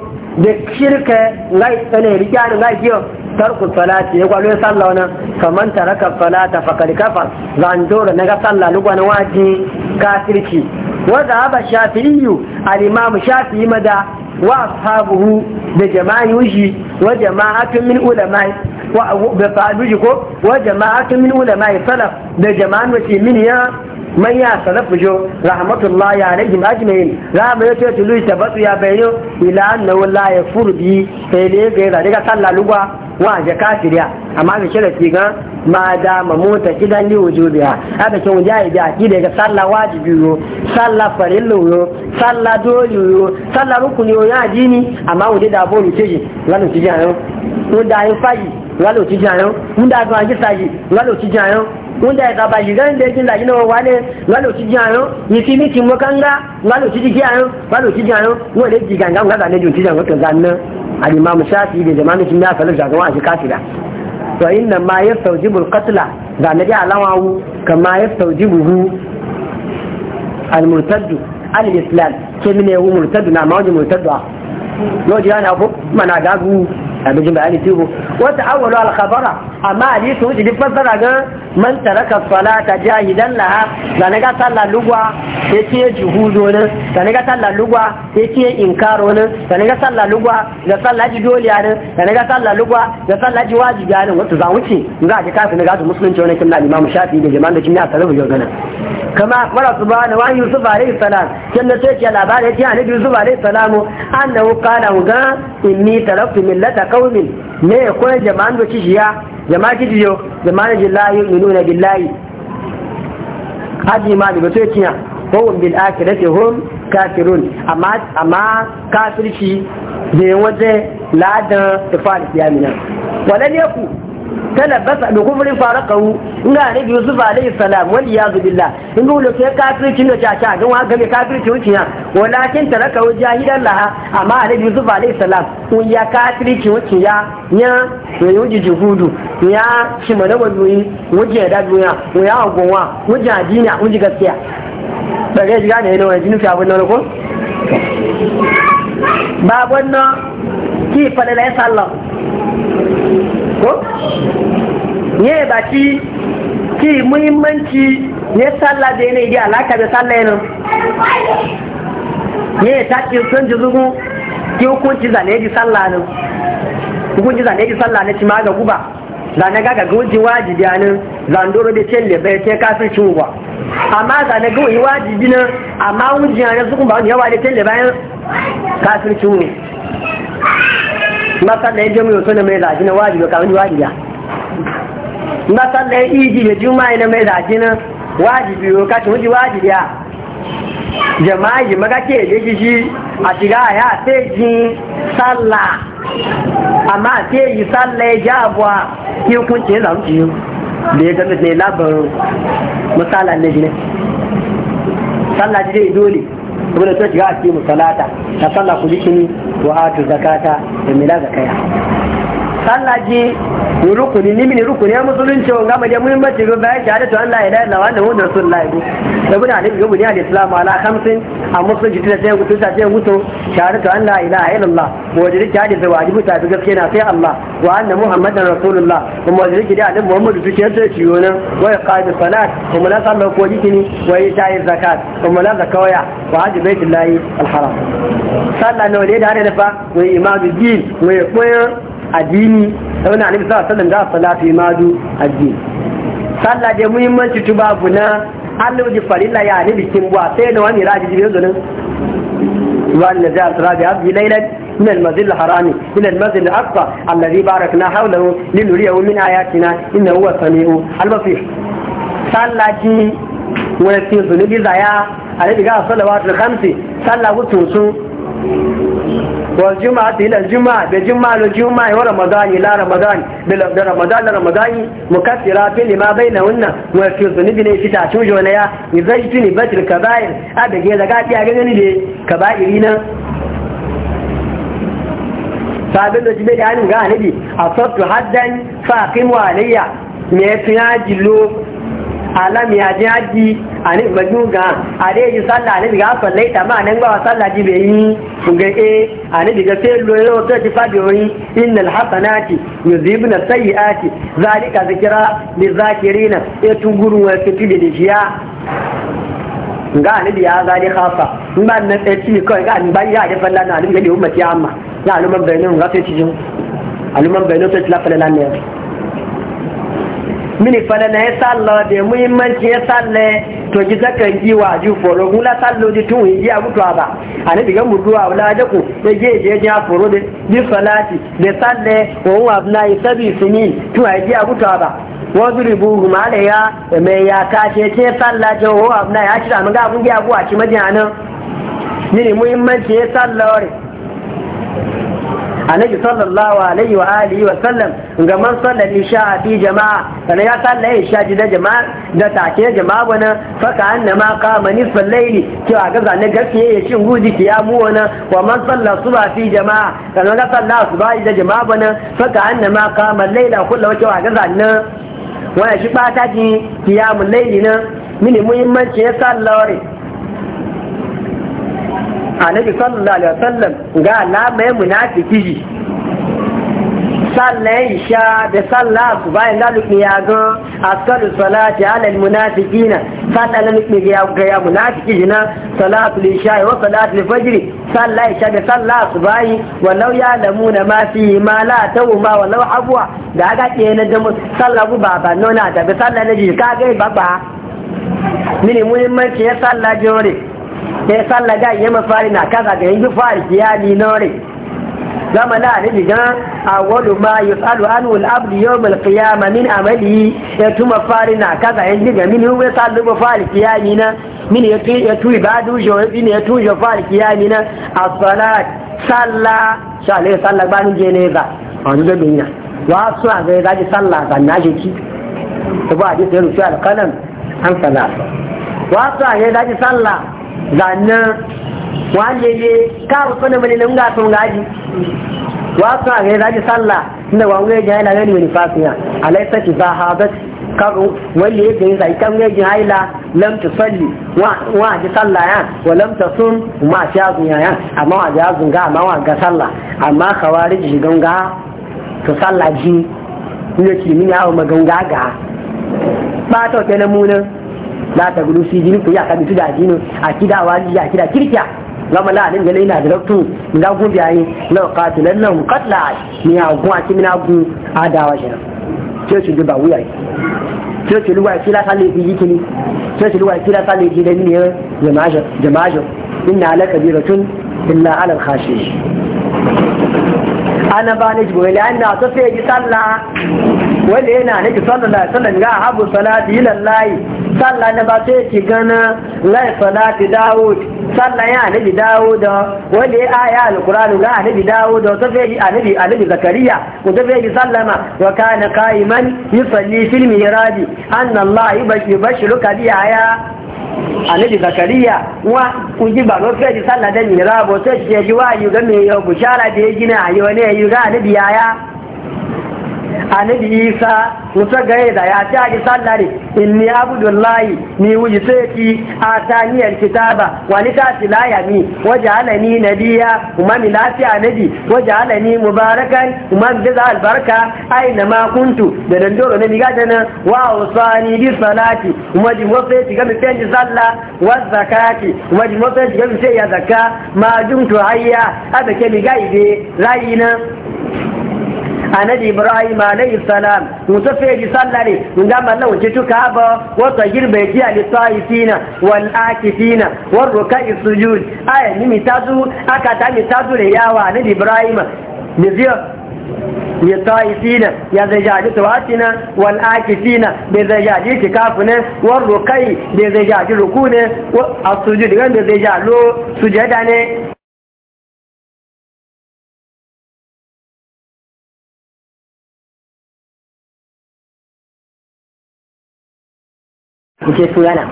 da shirka ngai tsane riya ngai kiyo tarku salati ya gwalo salla wannan kaman taraka salata faqad kafar zan dora naga sallah lugwan waji kafirci wa shafi iyu al-imam shafi'i mada wa ashabuhu da jama'i wuji wa jama'atun min ulama wa bi ko wa jama'atun min ulama salaf da jama'an wasi min ya man ya salafu jo rahmatullahi alaihim ajmain rama ya ce tulu tabatu ya bayo ila annahu la yafuru bi sai ne ga daga wa jaka shirya amma da sharafi ga ma da ma mota kidan li wujubiha hada kin wujahi da akida ga sallah wajibi yo sallah farillu yo sallah dole yo sallah rukuni yo ya dini amma wuje da bolu teji lalu tiji ayo ko da yin fayi lalu tiji ayo mun da ga ji sayi lalu tiji ayo mun da ga ba yigan da kin da yin wa ne lalu tiji ayo yi fi miti mo lalu tiji ki ayo lalu tiji ayo wo le ji ganga da ne ju tiji ayo zanna al shafi da jama'a da sallah ga wa shi kafira to inna ma yastawjibul qatla ga nabi alawawu kama yastawjibuhu al-murtaddu al-islam ke mine wu murtaddu na ma wajin murtaddu a yau ji yana ko mana gagu kamin jin ali tubu wata awwalu al khabara amma hadisi wuce duk fassara ga man taraka salata jahidan laha da ne ga sallah lugwa yace juhudo ne da ne ga sallah lugwa yace inkaro ne da ne ga sallah lugwa da sallah ji dole ne da ne ga sallah lugwa da sallah ji wajibi ne wato za wuce za a ji kafin ga musulunci wannan kin na imam shafi da jama'a da kin ya tarabu yau ganin kama mara subhana wa yusuf alayhi salam kenna sai ke labarin ya annabi yusuf alayhi salam annahu qala ga inni taraktu millata qaumin ne ko jama'an da kishiya jama'a kishiyo jama'a jillahi yu'minuna billahi hadi ma da to kinya ko bil akhirati hum kafirun amma amma kafirci da waje ladan tafal kiyamina walan ku. talabasa da kufurin fara kufrin farakahu inga annabi yusuf alayhi salam wal iyadu billah inga wani sai kafirci ne cha cha gan wa game kafirci wuce ya walakin taraka wajahidan laha amma annabi yusuf alayhi salam kun ya kafirci wuce ya ya ya wuce juhudu ya shi mana wadoyi wuce da duniya ya gonwa wuce adina wuce gaskiya daga ji gane ne wani jini fi abin nan ko babon nan ki fadala ya sallah ko ne ba ki ki muhimmanci ne sallah da yanayi da alaka da sallah yana ne ta ce sun ji zugu ki hukunci zane ji sallah ne hukunci zane ji sallah ci ma ga guba zane ga ga guji wajibi nan zandoro da ce lebe ce kafin cin guba amma zane ga wani wajibi nan amma wujiyar na zugun ba wani yawa da ce lebe kafin cin ne masalla ya jami'a suna mai zaji na wajibi kawai wajibi ya masalla ya iji da juma'a na mai zaji na wajibi ya kashi wuji wajibi ya jama'a ji maka ke da shi a shiga ya sai ji sallah amma sai yi sallah ya ja abuwa ki hukunci ya zamu ciyo da ya gami ne labarin masala ne ne sallah ji dai dole wanda ta shiga a cikin musalata ta sallah ku jikini wa atu zakata da mila zakaya sallaji rukuni ni mini rukuni ya musulunci wanga mai da muhimmanci ga bayan shahadatu an la ilaha illallah wa annahu rasulullahi da bin ali ibn ali islam ala khamsin a musulunci da sai gutu sai gutu shahadatu an la ilaha illallah wa da rike hadisi wajibi ta gaskiya na sai allah wa anna muhammadan rasulullah kuma da rike da annabi muhammadu duk yadda ci yonan wa iqamu salat kuma la sallu ko jikini wa ita'i zakat kuma la zakawaya wa hajji baitullahi alharam sallallahu alaihi wa sallam wa imadu din wa koyan addini da wani alifin sallar da za a sallah fi madu addini sallah da muhimmanci tu babu na allah ji farilla ya ne bikin buwa sai da wani rajin jibin zunin wani na jihar sarabi a bi lailan min al-mazil harami min al-mazil aqsa alladhi barakna hawlahu linuriyahu min ayatina inna huwa samiu al-basir sallati wa yasir zunubi zaya alladhi ga salawatul khamsi sallahu tunsu. والجمعة إلى الجمعة بجمعة للجمعة ورمضان إلى رمضان برمضان لرمضان مكثرات لما بينهن وفي الظنب ليس تعتوج ونيا إذا اجتني بطل كبائر أبقى إذا قاعد يعجبني دي كبائرين sabin da jibe da hannun ga hanabi a sattu haddan faƙin walayya me ya fi jilo alam ya ji haji a ni majuga a dai ji sallah a ni diga sallai ta ma nan ba sallah ji bai yi su ga e a ni diga sai loyo to ji fadi wani innal hasanati yuzibna sayyiati zalika zikra zakirina e tunguru wa fitili da jiya ga ni biya zali khafa in ba nan sai ci e kai ga ni ba ya da falla na ni ga ummati amma ya aluman bayanin ga sai ci jin aluman bayanin sai la falla ne mini na ya salla da muhimmanci ya salla to ki zakan yi wa ju foro gula sallo ji tun yi ya mutuwa ba ne diga mutuwa wala da ku ya je je ya foro de bi salati da salla wa na abna sabi sini to ai ya mutuwa ma da ya me ya ka ce salla jo wa na ya da mun ga abun ya a ci majina nan mini muhimmanci ya salla annabi sallallahu alaihi wa alihi wa sallam ga man sallan isha fi jama'a kana ya salla sha ji da jama'a da take jama'a wannan fa ka annama qama nisfal layli a ga zane gaskiye ya shin guji kiyamu wannan wa man salla subha fi jama'a kana ga salla ji da jama'a wannan fa ka annama qama layla kullu a ga zane wannan shi bata ji mu layli na mini muhimmanci ya sallare annabi sallallahu alaihi wasallam ga alamai munafiki sallan isha da sallah su bayan lalukmi ya ga askalu salati alal munafiqina sallan lalukmi ya ga ya munafiki jina salatu isha wa salatu fajr sallan isha da sallah su bayi walau ya na ma fi ma la tawu ma walau abwa da ga ke na da sallah bu baba nona da sallan ne ji ka ga baba mini muhimmanci ya sallah jore da ya ga yi na kaza ga yanzu fari kiyali nore zama na ne diga awwalu ma abdu yawm al-qiyama min amali ya tuma fari na kaza yanzu ga min ba fari na min ya tu min ya tu fari na salat salla shale salla ba ni jeneza an da dunya wa su a ga zaji salla ban na jiki ba ya rufi al an wa su a ga zaji salla zannan wanda ye ka fa na mali nan ga tun gaji wa ka ga zaji salla inda wa ga ga ila gani wani fasiya alaysa ti zahabat karu wanda ya gani zai kan gaji haila lam ta salli wa wa ji salla ya wa lam ta sun ma ta azun ya ya amma wa ji azun ga amma wa ga salla amma khawarij ji ganga to salla ji ne ki ya ma ganga ga ba to kenan munan la ta gudu fi jini ku ya ka bitu da jini a kida waji ya kida kirkiya gama la anin gele ina da raktu da gun biyayi la qatilan lahum qatla ni ya gun a kimina da adawa shi ce su ba wuya ce ce luwa kila sale fi yikini ce ce luwa kila sale fi da ni ne jama'a jama'a inna lakabiratun illa ala al-khashish ana ba ni jibo ila anna tafiya ji sallah wanda yana nake sallallahu alaihi wasallam ga habu salati lillahi Allah sallah na ba sai ki gana lai salati daud sallah ya nabi daud wanda ya aya alqur'an ga nabi daud to sai yi annabi annabi Zakariya ko da bai sallama wa kana qa'iman yusalli fil mihrab anna Allah yubashiruka bi aya anabi zakariya wa kuji ba lo sai sallah da mihrab sai ji wayu ga me yo bushara da ya gina ayo ne yi ga annabi yaya annabi isa musa ga da ya ta ji sallare inni abdullahi ni wuji sai atani alkitaba wa ni la alani na biya kuma mi lafiya nabi alani mubarakan kuma mi za albarka aina ma kuntu da dan doro ne miga dana wa usani bi salati kuma ji ki ga mi fendi salla wa zakati kuma ji ki ga mi sai ya zakka ma jumtu hayya abake miga ide rayina annabi ibrahim alayhi salam mutu fe ji sallare mun ga mallan wuce tuka ba wa tajir bai ji ali taifina wal akifina wal ruka'i sujud aya ni mitazu aka ta tazu re yawa annabi ibrahim ne ziyo ya taifina ya zajaji tawatina wal akifina bai zajaji tikafu ne wal ruka'i bai zajaji ruku ne wa sujud ga zai jalo sujada ne kuke tuyana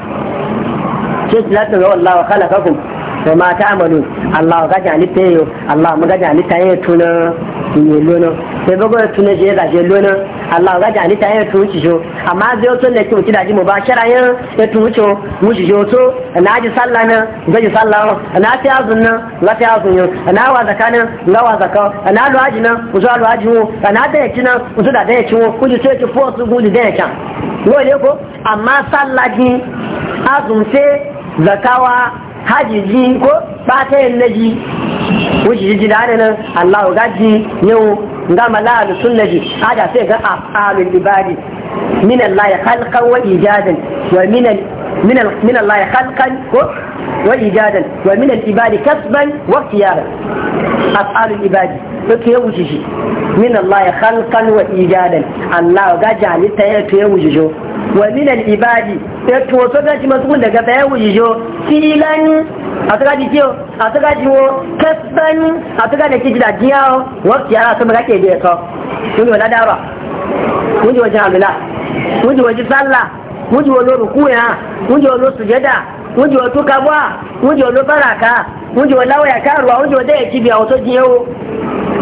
ce la ta zo Allah wa khalaqakum wa ma ta'malun Allah ga jani tayo Allah mu ga ta yi tuna kunye lona sai bago ya tuna je lona Allah ga ta jo amma zai ne mu ba shara mu jo to na ji sallah nan ga ji sallah na ta azun nan ga ta azun yo na wa ga wa zaka na ku zo na da ku zo da da ku ji da ko ne ko amma sallah azun zakawa hajiji ko bata yin naji wuce jiji da hannun allahu gaji yau ga malalu sun naji hada sai ga alul ibadi min allah ya halkan wa ijazin wa min من من الله خلقا وإيجادا ومن العباد كسبا واختيارا أفعال العباد فكي من الله خلقا وإيجادا الله قاجع لتيكي ومن العباد يتوى سوكاش مسؤول لك فيه وجهه فيلا أتغادي كيو أتغادي هو كسبا أتغادي كيجي لأجياه واختيارا سمكا كيجي يسو كنت ولا دارا كنت وجه الله كنت وجه صلى wújú olórùkú yẹn wújú olóṣùjẹ́dà wújú otukabua wújú olóbàràká wújú oláwẹ̀yà káàrùwà wújú odé ìtìbí àwọn tó jiyẹn o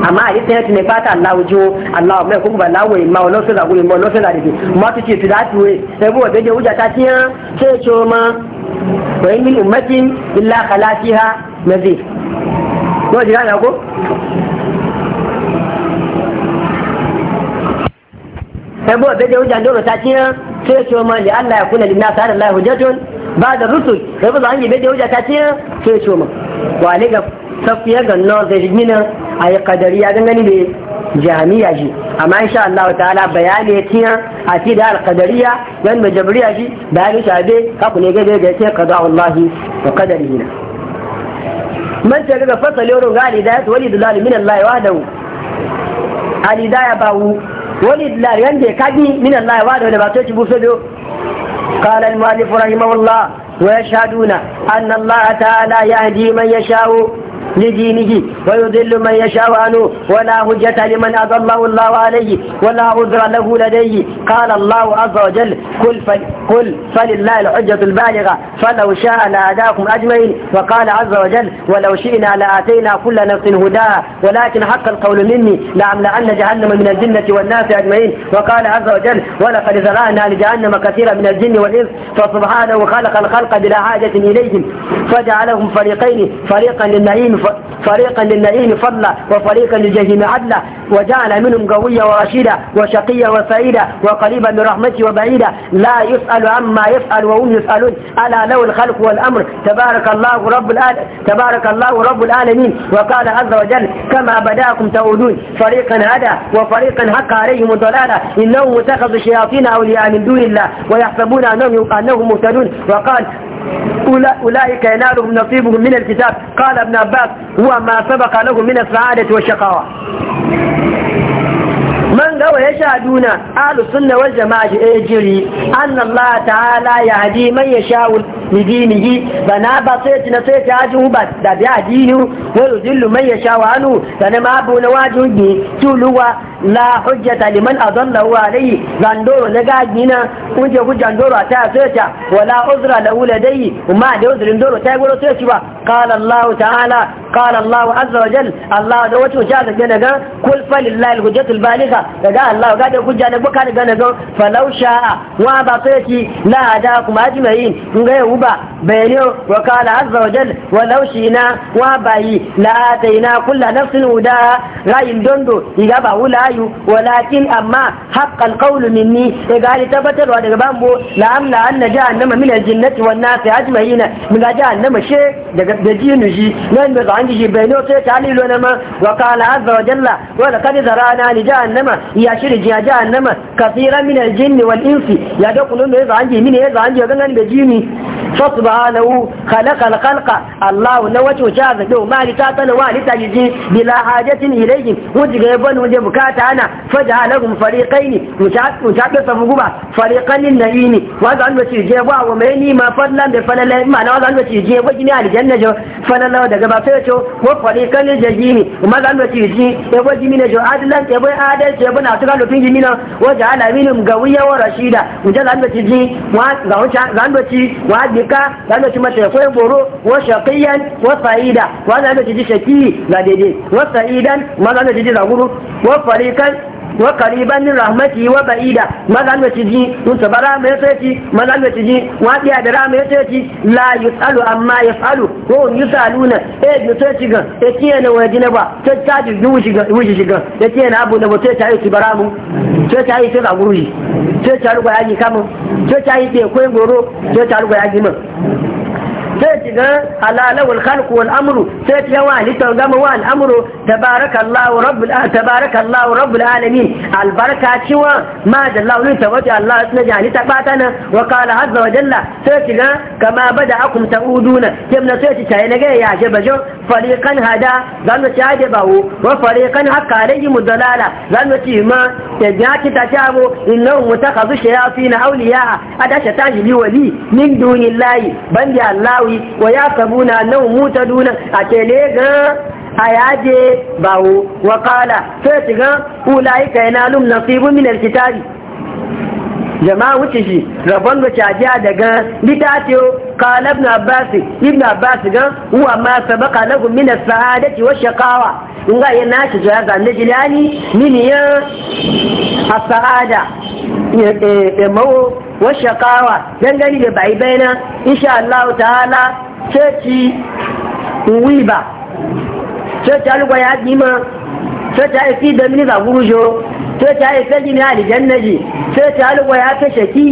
àmọ́ àyíṣẹ́ ti ní pátá láwùjọ aláwọ̀ mẹ́rin kókò bá láwọ̀ ìmọ̀ ọlọ́sẹ̀ làwọn ìmọ̀ ọlọ́sẹ̀ làdìdì mọ́tò ti ti láti wé ẹgbẹ́ òdèjẹ́ wújà tá tiẹ́ ta é ṣe o mọ́ pẹ̀lú nínú mẹ́tí ilá kàlá sí ha mẹ́tì. wọ́n ti rán ìyàgò. ẹgbẹ́ òdèjẹ́ wújà dòrò tá tiẹ́. sai ce ma li Allah ya kula linnas ala Allah hujjatun ba da rusul sai ba zan yi bai da hujja ta ce sai ce ma wa ne ga safiya ga no zai gina ayi kadari ya gangani da jami'a shi amma insha Allah ta'ala bayani ya tiya a ti da alqadariya dan majabriya shi bayani shabe ka kule ga ga ce qada Allah wa qadarihi man ta ga fasalin ro ga alidayat walidul min Allah wahdahu alidaya bawu wani lari yanda ka bi min Allah ya bada wani batoci buso biyo qala al-mu'allif rahimahullah wa yashhaduna anna Allah ta'ala yahdi man yasha'u لدينه ويذل من يشاء عنه ولا هجة لمن أضله الله عليه ولا عذر له لديه قال الله عز وجل قل, فل قل فلله الحجة البالغة فلو شاء لأداكم أجمعين وقال عز وجل ولو شئنا لآتينا كل نفس هداها ولكن حق القول مني لأملأن جهنم من الجنة والناس أجمعين وقال عز وجل ولقد ذرأنا لجهنم كثيرا من الجن والإنس فسبحانه خلق الخلق بلا حاجة إليهم فجعلهم فريقين فريقا للنعيم فريقا للنعيم فضلا وفريقا للجحيم عدلا وجعل منهم قويا ورشيدا وشقيا وسعيدا وقريبا من رحمته وبعيدا لا يسأل عما يفعل وهم يسألون ألا له الخلق والأمر تبارك الله رب تبارك الله رب العالمين وقال عز وجل كما بداكم تعودون فريقا هدى وفريقا حق عليهم الضلالة إنهم اتخذوا الشياطين أولياء من دون الله ويحسبون أنهم أنهم مهتدون وقال أولئك ينالهم نصيبهم من الكتاب قال ابن عباس هو ما سبق لهم من السعادة والشقاوة من man gawa ya sha duna ahlus sunna wal jama'a ejiri anna Allah ta'ala yahdi man yasha'u bi dinihi bana ba sai na sai ta ji ba da bi adinu wa yudillu man yasha'u anu kana ma bu na wajibi tuluwa la hujjata liman adalla wa alayhi gandoro na gagina kuje kujan doro ta sai ta wala uzra lahu ladai ma da uzrin doro ta goro sai ci ba qala Allah ta'ala qala Allah azza wa jalla Allah da wato ja da ga kul lillahi al-hujjatul baligha daga Allah ga da hujja da buka daga na zo falau sha'a wa ba sai la da kuma ajmai kun ga yau ba bayani wa qala azza wa jal wa laushina wa bayi la ataina kullu nafsin huda rayin dondo iga ba wulayu walakin amma haqqal qawlu minni e ga ni tabbatarwa daga bambo la amla anna jahannama min aljinnati wan nasi ajma'in min ga jahannama she daga da jinu shi nan da zan ji bayani sai ta lilo na ma wa qala azza wa jalla wa laqad zarana li jahannama ya shiri jiya nama kasira min aljinni wal insi ya da kulun da ya zanji mini ya zanji ga ganin da jini fasba lahu khalaqa al-khalqa Allah la wato cha ga do mali ta tana wa lita jiji bila hajatin ilayhi wuji ga ban wuje bukata ana faja lahum fariqayn mutaqu mutaqu samuguba fariqan lin nayini wa ga an wuci je ba wa mai ni ma fallan da falala ma na wa ga an wuci je ba gini aljanna jo falala daga ba sai to ko fariqan lin jajini ma ga an wuci je e ba gini ne jo adlan e ba adal je ba na to ga lufin gini na wa ja ala minum gawiya wa rashida mutaqu wa ga an wuci wa ka za mu kuma mata koyi boro wa shaqiyan wa fa'ida wa da mu ci shaqi ga daidai wa sa'idan ma za ji da guru wa farikan wa kariban min rahmati wa ba'ida mazan da ciji mun tabara mai sai mazan da ciji wa tiya da rama ya ci la yusalu amma yasalu ko yusaluna e ji sai ci ga e tiya na waje na ba ta ta ji wuji ga wuji ga da tiya na abu da ba sai ta yi tibara mu sai ta yi sai ga guri sai ta ruga yaji kamun sai ta yi te koyin goro sai ta ruga yaji mun sai ki ga halala wal khalq wal amru sai ki yawa ni to gama wa amru tabarakallahu rabbul tabarakallahu rabbul alamin albarka ciwa ma da Allah ne tawaja Allah ya jani ta bata nan wa qala azza wa jalla sai ki ga kama bada'akum ta'uduna kimna sai ki tayi naga ya je bajo fariqan hada zan ci hade bawo wa fariqan hakka alayhi mudallala zanu ci ma ya ja ki ta jabo innahu mutakhadhu shayatin awliya ada li wali min dunillahi bandi Allah nawi wa ya sabu sabuna muta duna a tele ga a yaje bawo wa kala sai lum na fi bumi na kitari jama'a wuce shi rabon da cajiya daga litace qala ibn abbas ibn abbas ga uwa ma sabaqa lahum min as-sa'adati wa shaqawa nga ya na ci ya ga jilani mini ya asada ya e, e, mawo wa shaqawa dan gani da bai baina insha Allah ta'ala ceci wiba ceci algo ya dima ceci ai fi da mini za gurujo sai ta yi sai ne aljanna ji sai ta alwa ya kashe shaki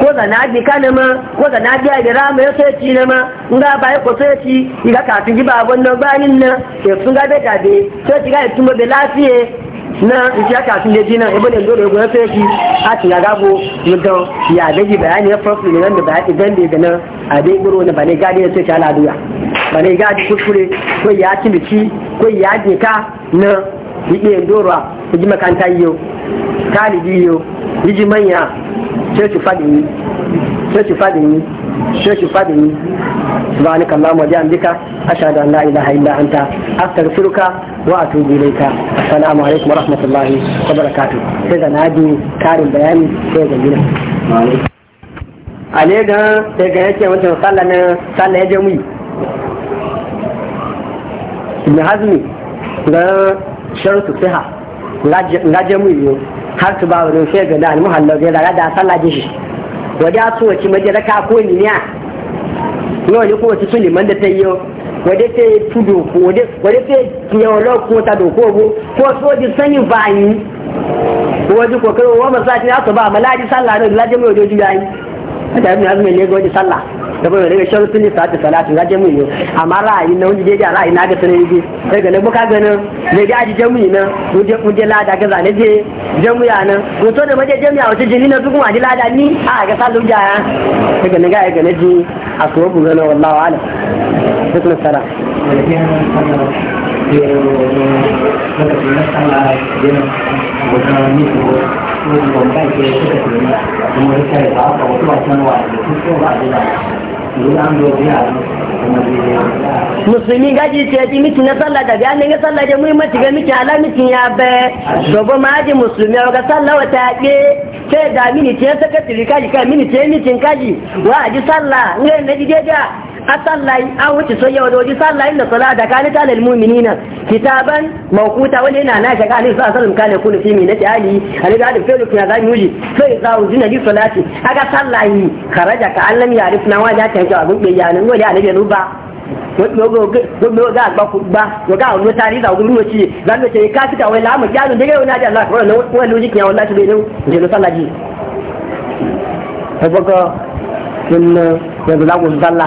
ko da na bi kana ma ko da na biya da rama ya sai ci na ma in ga bai ko sai ci ga kafin ji ba wannan bayin nan ke sun ga da gabe sai ci ga tuma da lafiye na ji aka sun da jina ibn dole go sai ci a ci ga go mudan ya da bayani ya farko ne da ba zan da nan a dai guro na ba ne gadi sai ta laduya ba ne gadi kuskure ko ya ci bici ko ya jika na yiɗi en su ji makanta yiyo talibi yiyo liji manya coci faɗin yi coci ni. yi coci fadi yi subhanaka allahumma bihamdika ashhadu an la ilaha illa anta astaghfiruka wa atubu ilayka assalamu alaikum wa rahmatullahi wa barakatuh sai da nadi karin bayani sai da gina ale ga sai ga yake wancan sallah na sallah ya je mu ibn hazmi ga sharutu siha ngaje mu yiwu har su ba wani sai ga da almuhallar zai daga da sallah ji shi wadda su wace maje ka ko ni ne wani ko wace sun man da ta yi wadda ta yi tudu ko wadda ta yi yawon ko ta do, ko ko di sani ba yi wajen kokarin wa masati ya su ba malaji sallah ne laje mu yiwu da yi a da yi azumi ne ga wajen sallah da bai daga shan sun lissa ta salatin ga jami'i ne amma ra'ayi na wani jeji a ra'ayi na ga sanar yi daga nan buka ganin zai ga aji jami'i na wuje lada ga zane je jami'a nan wato da maje jami'a wace jini na duk wani lada ni a ga sa zuja ya daga nan ga ga na ji a so bu gano wallahi wala duk na sara Yo, 因为我们在学这个节目，我们在打好多千万，也是做到这个。musulmi gaji ce ti miti na sallah da gani ga sallah da muhimmanci ga miki ala miki ya be gobe ma ji musulmi ga sallah wata yake sai da mini ce sakatiri kaji ka mini ce kaji wa ji sallah ne na ji daidai asallai an wuce soyayya wajen wajen sallayin da sala da kani ta lalmu minina kitaban mawkuta wani yana na shaka alaihi sallallahu alaihi kana kullu fi minati ali alaihi alaihi fi lukuna za mu ji sai za mu jina ji salati aga sallayi karaja ka allam ya rifna wa da ta jawa gubbe ya nan wani alaihi ruba gbogbo ga agba kugba ga àwọn ọmọ tari ìzàwọn olúwo ti ìzàwọn ìṣẹ̀yẹ káfíkà wọn láàmù jáde nígbà yóò nájà lọ àkọrọ náà wọn lójú kìí àwọn láti lè léwu ìṣèlú sálàjì ẹgbọ́gọ́ nínú ẹgbẹ̀láwọ̀ sálà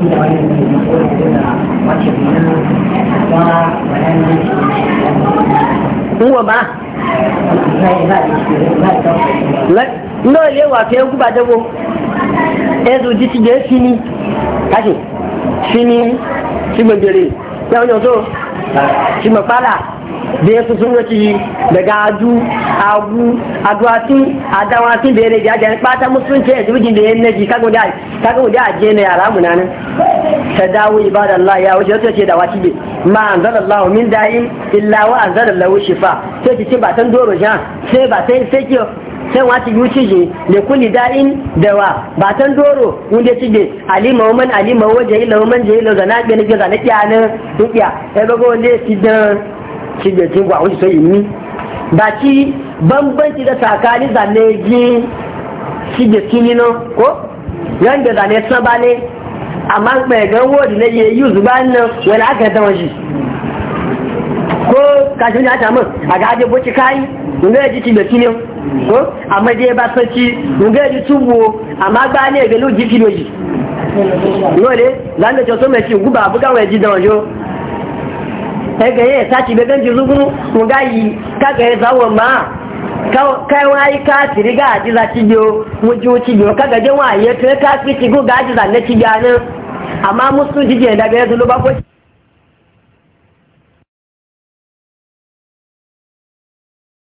Nwa ba? Ndọ́ ilé wà fẹ́ gúbà dẹ́gbò. Ẹzù jí ti jẹ́ sí da ya sun wace daga adu agu aduwati adawati da ya rage ajiyar bata ce ya jirgin da ya naji kaga wuda ajiye na yara mu nan ta dawo ibada Allah ya wuce wata ce da wati be ma anzal Allah min da'in illa wa anzal Allah shifa sai ci ba san doro jan sai ba sai sai ki sai wati yuci je da kulli da'in dawa ba tan doro wanda da je alima man alima waje ila man je ila zanabi ne ga zanabi ne rukiya sai ga wanda ci dan shi bai jin gwakwai sai yi ba ci bambanci da tsakani zane ji shi da kini nan ko yan da zane san ba ne amma mai gan wodi ne yi yi zuba nan wani aka da waje ko kashin ya tamu a ga aje boci kai, mun ga ji ci da kini ko amma dai ba san ci mun ga ji tubo amma ba ne ga lu ji kilo ji dole zan da to so mai ci guba buga wai ji da wajo ga ya sace be ganji zuguru mu gayi kaga ya zawo ma kai wani ka tiri ga aji za ci biyo mu ji ci biyo kaga je wa to ka fi ci go ga aji za ne ci biya nan amma musu jije daga ya zulu ba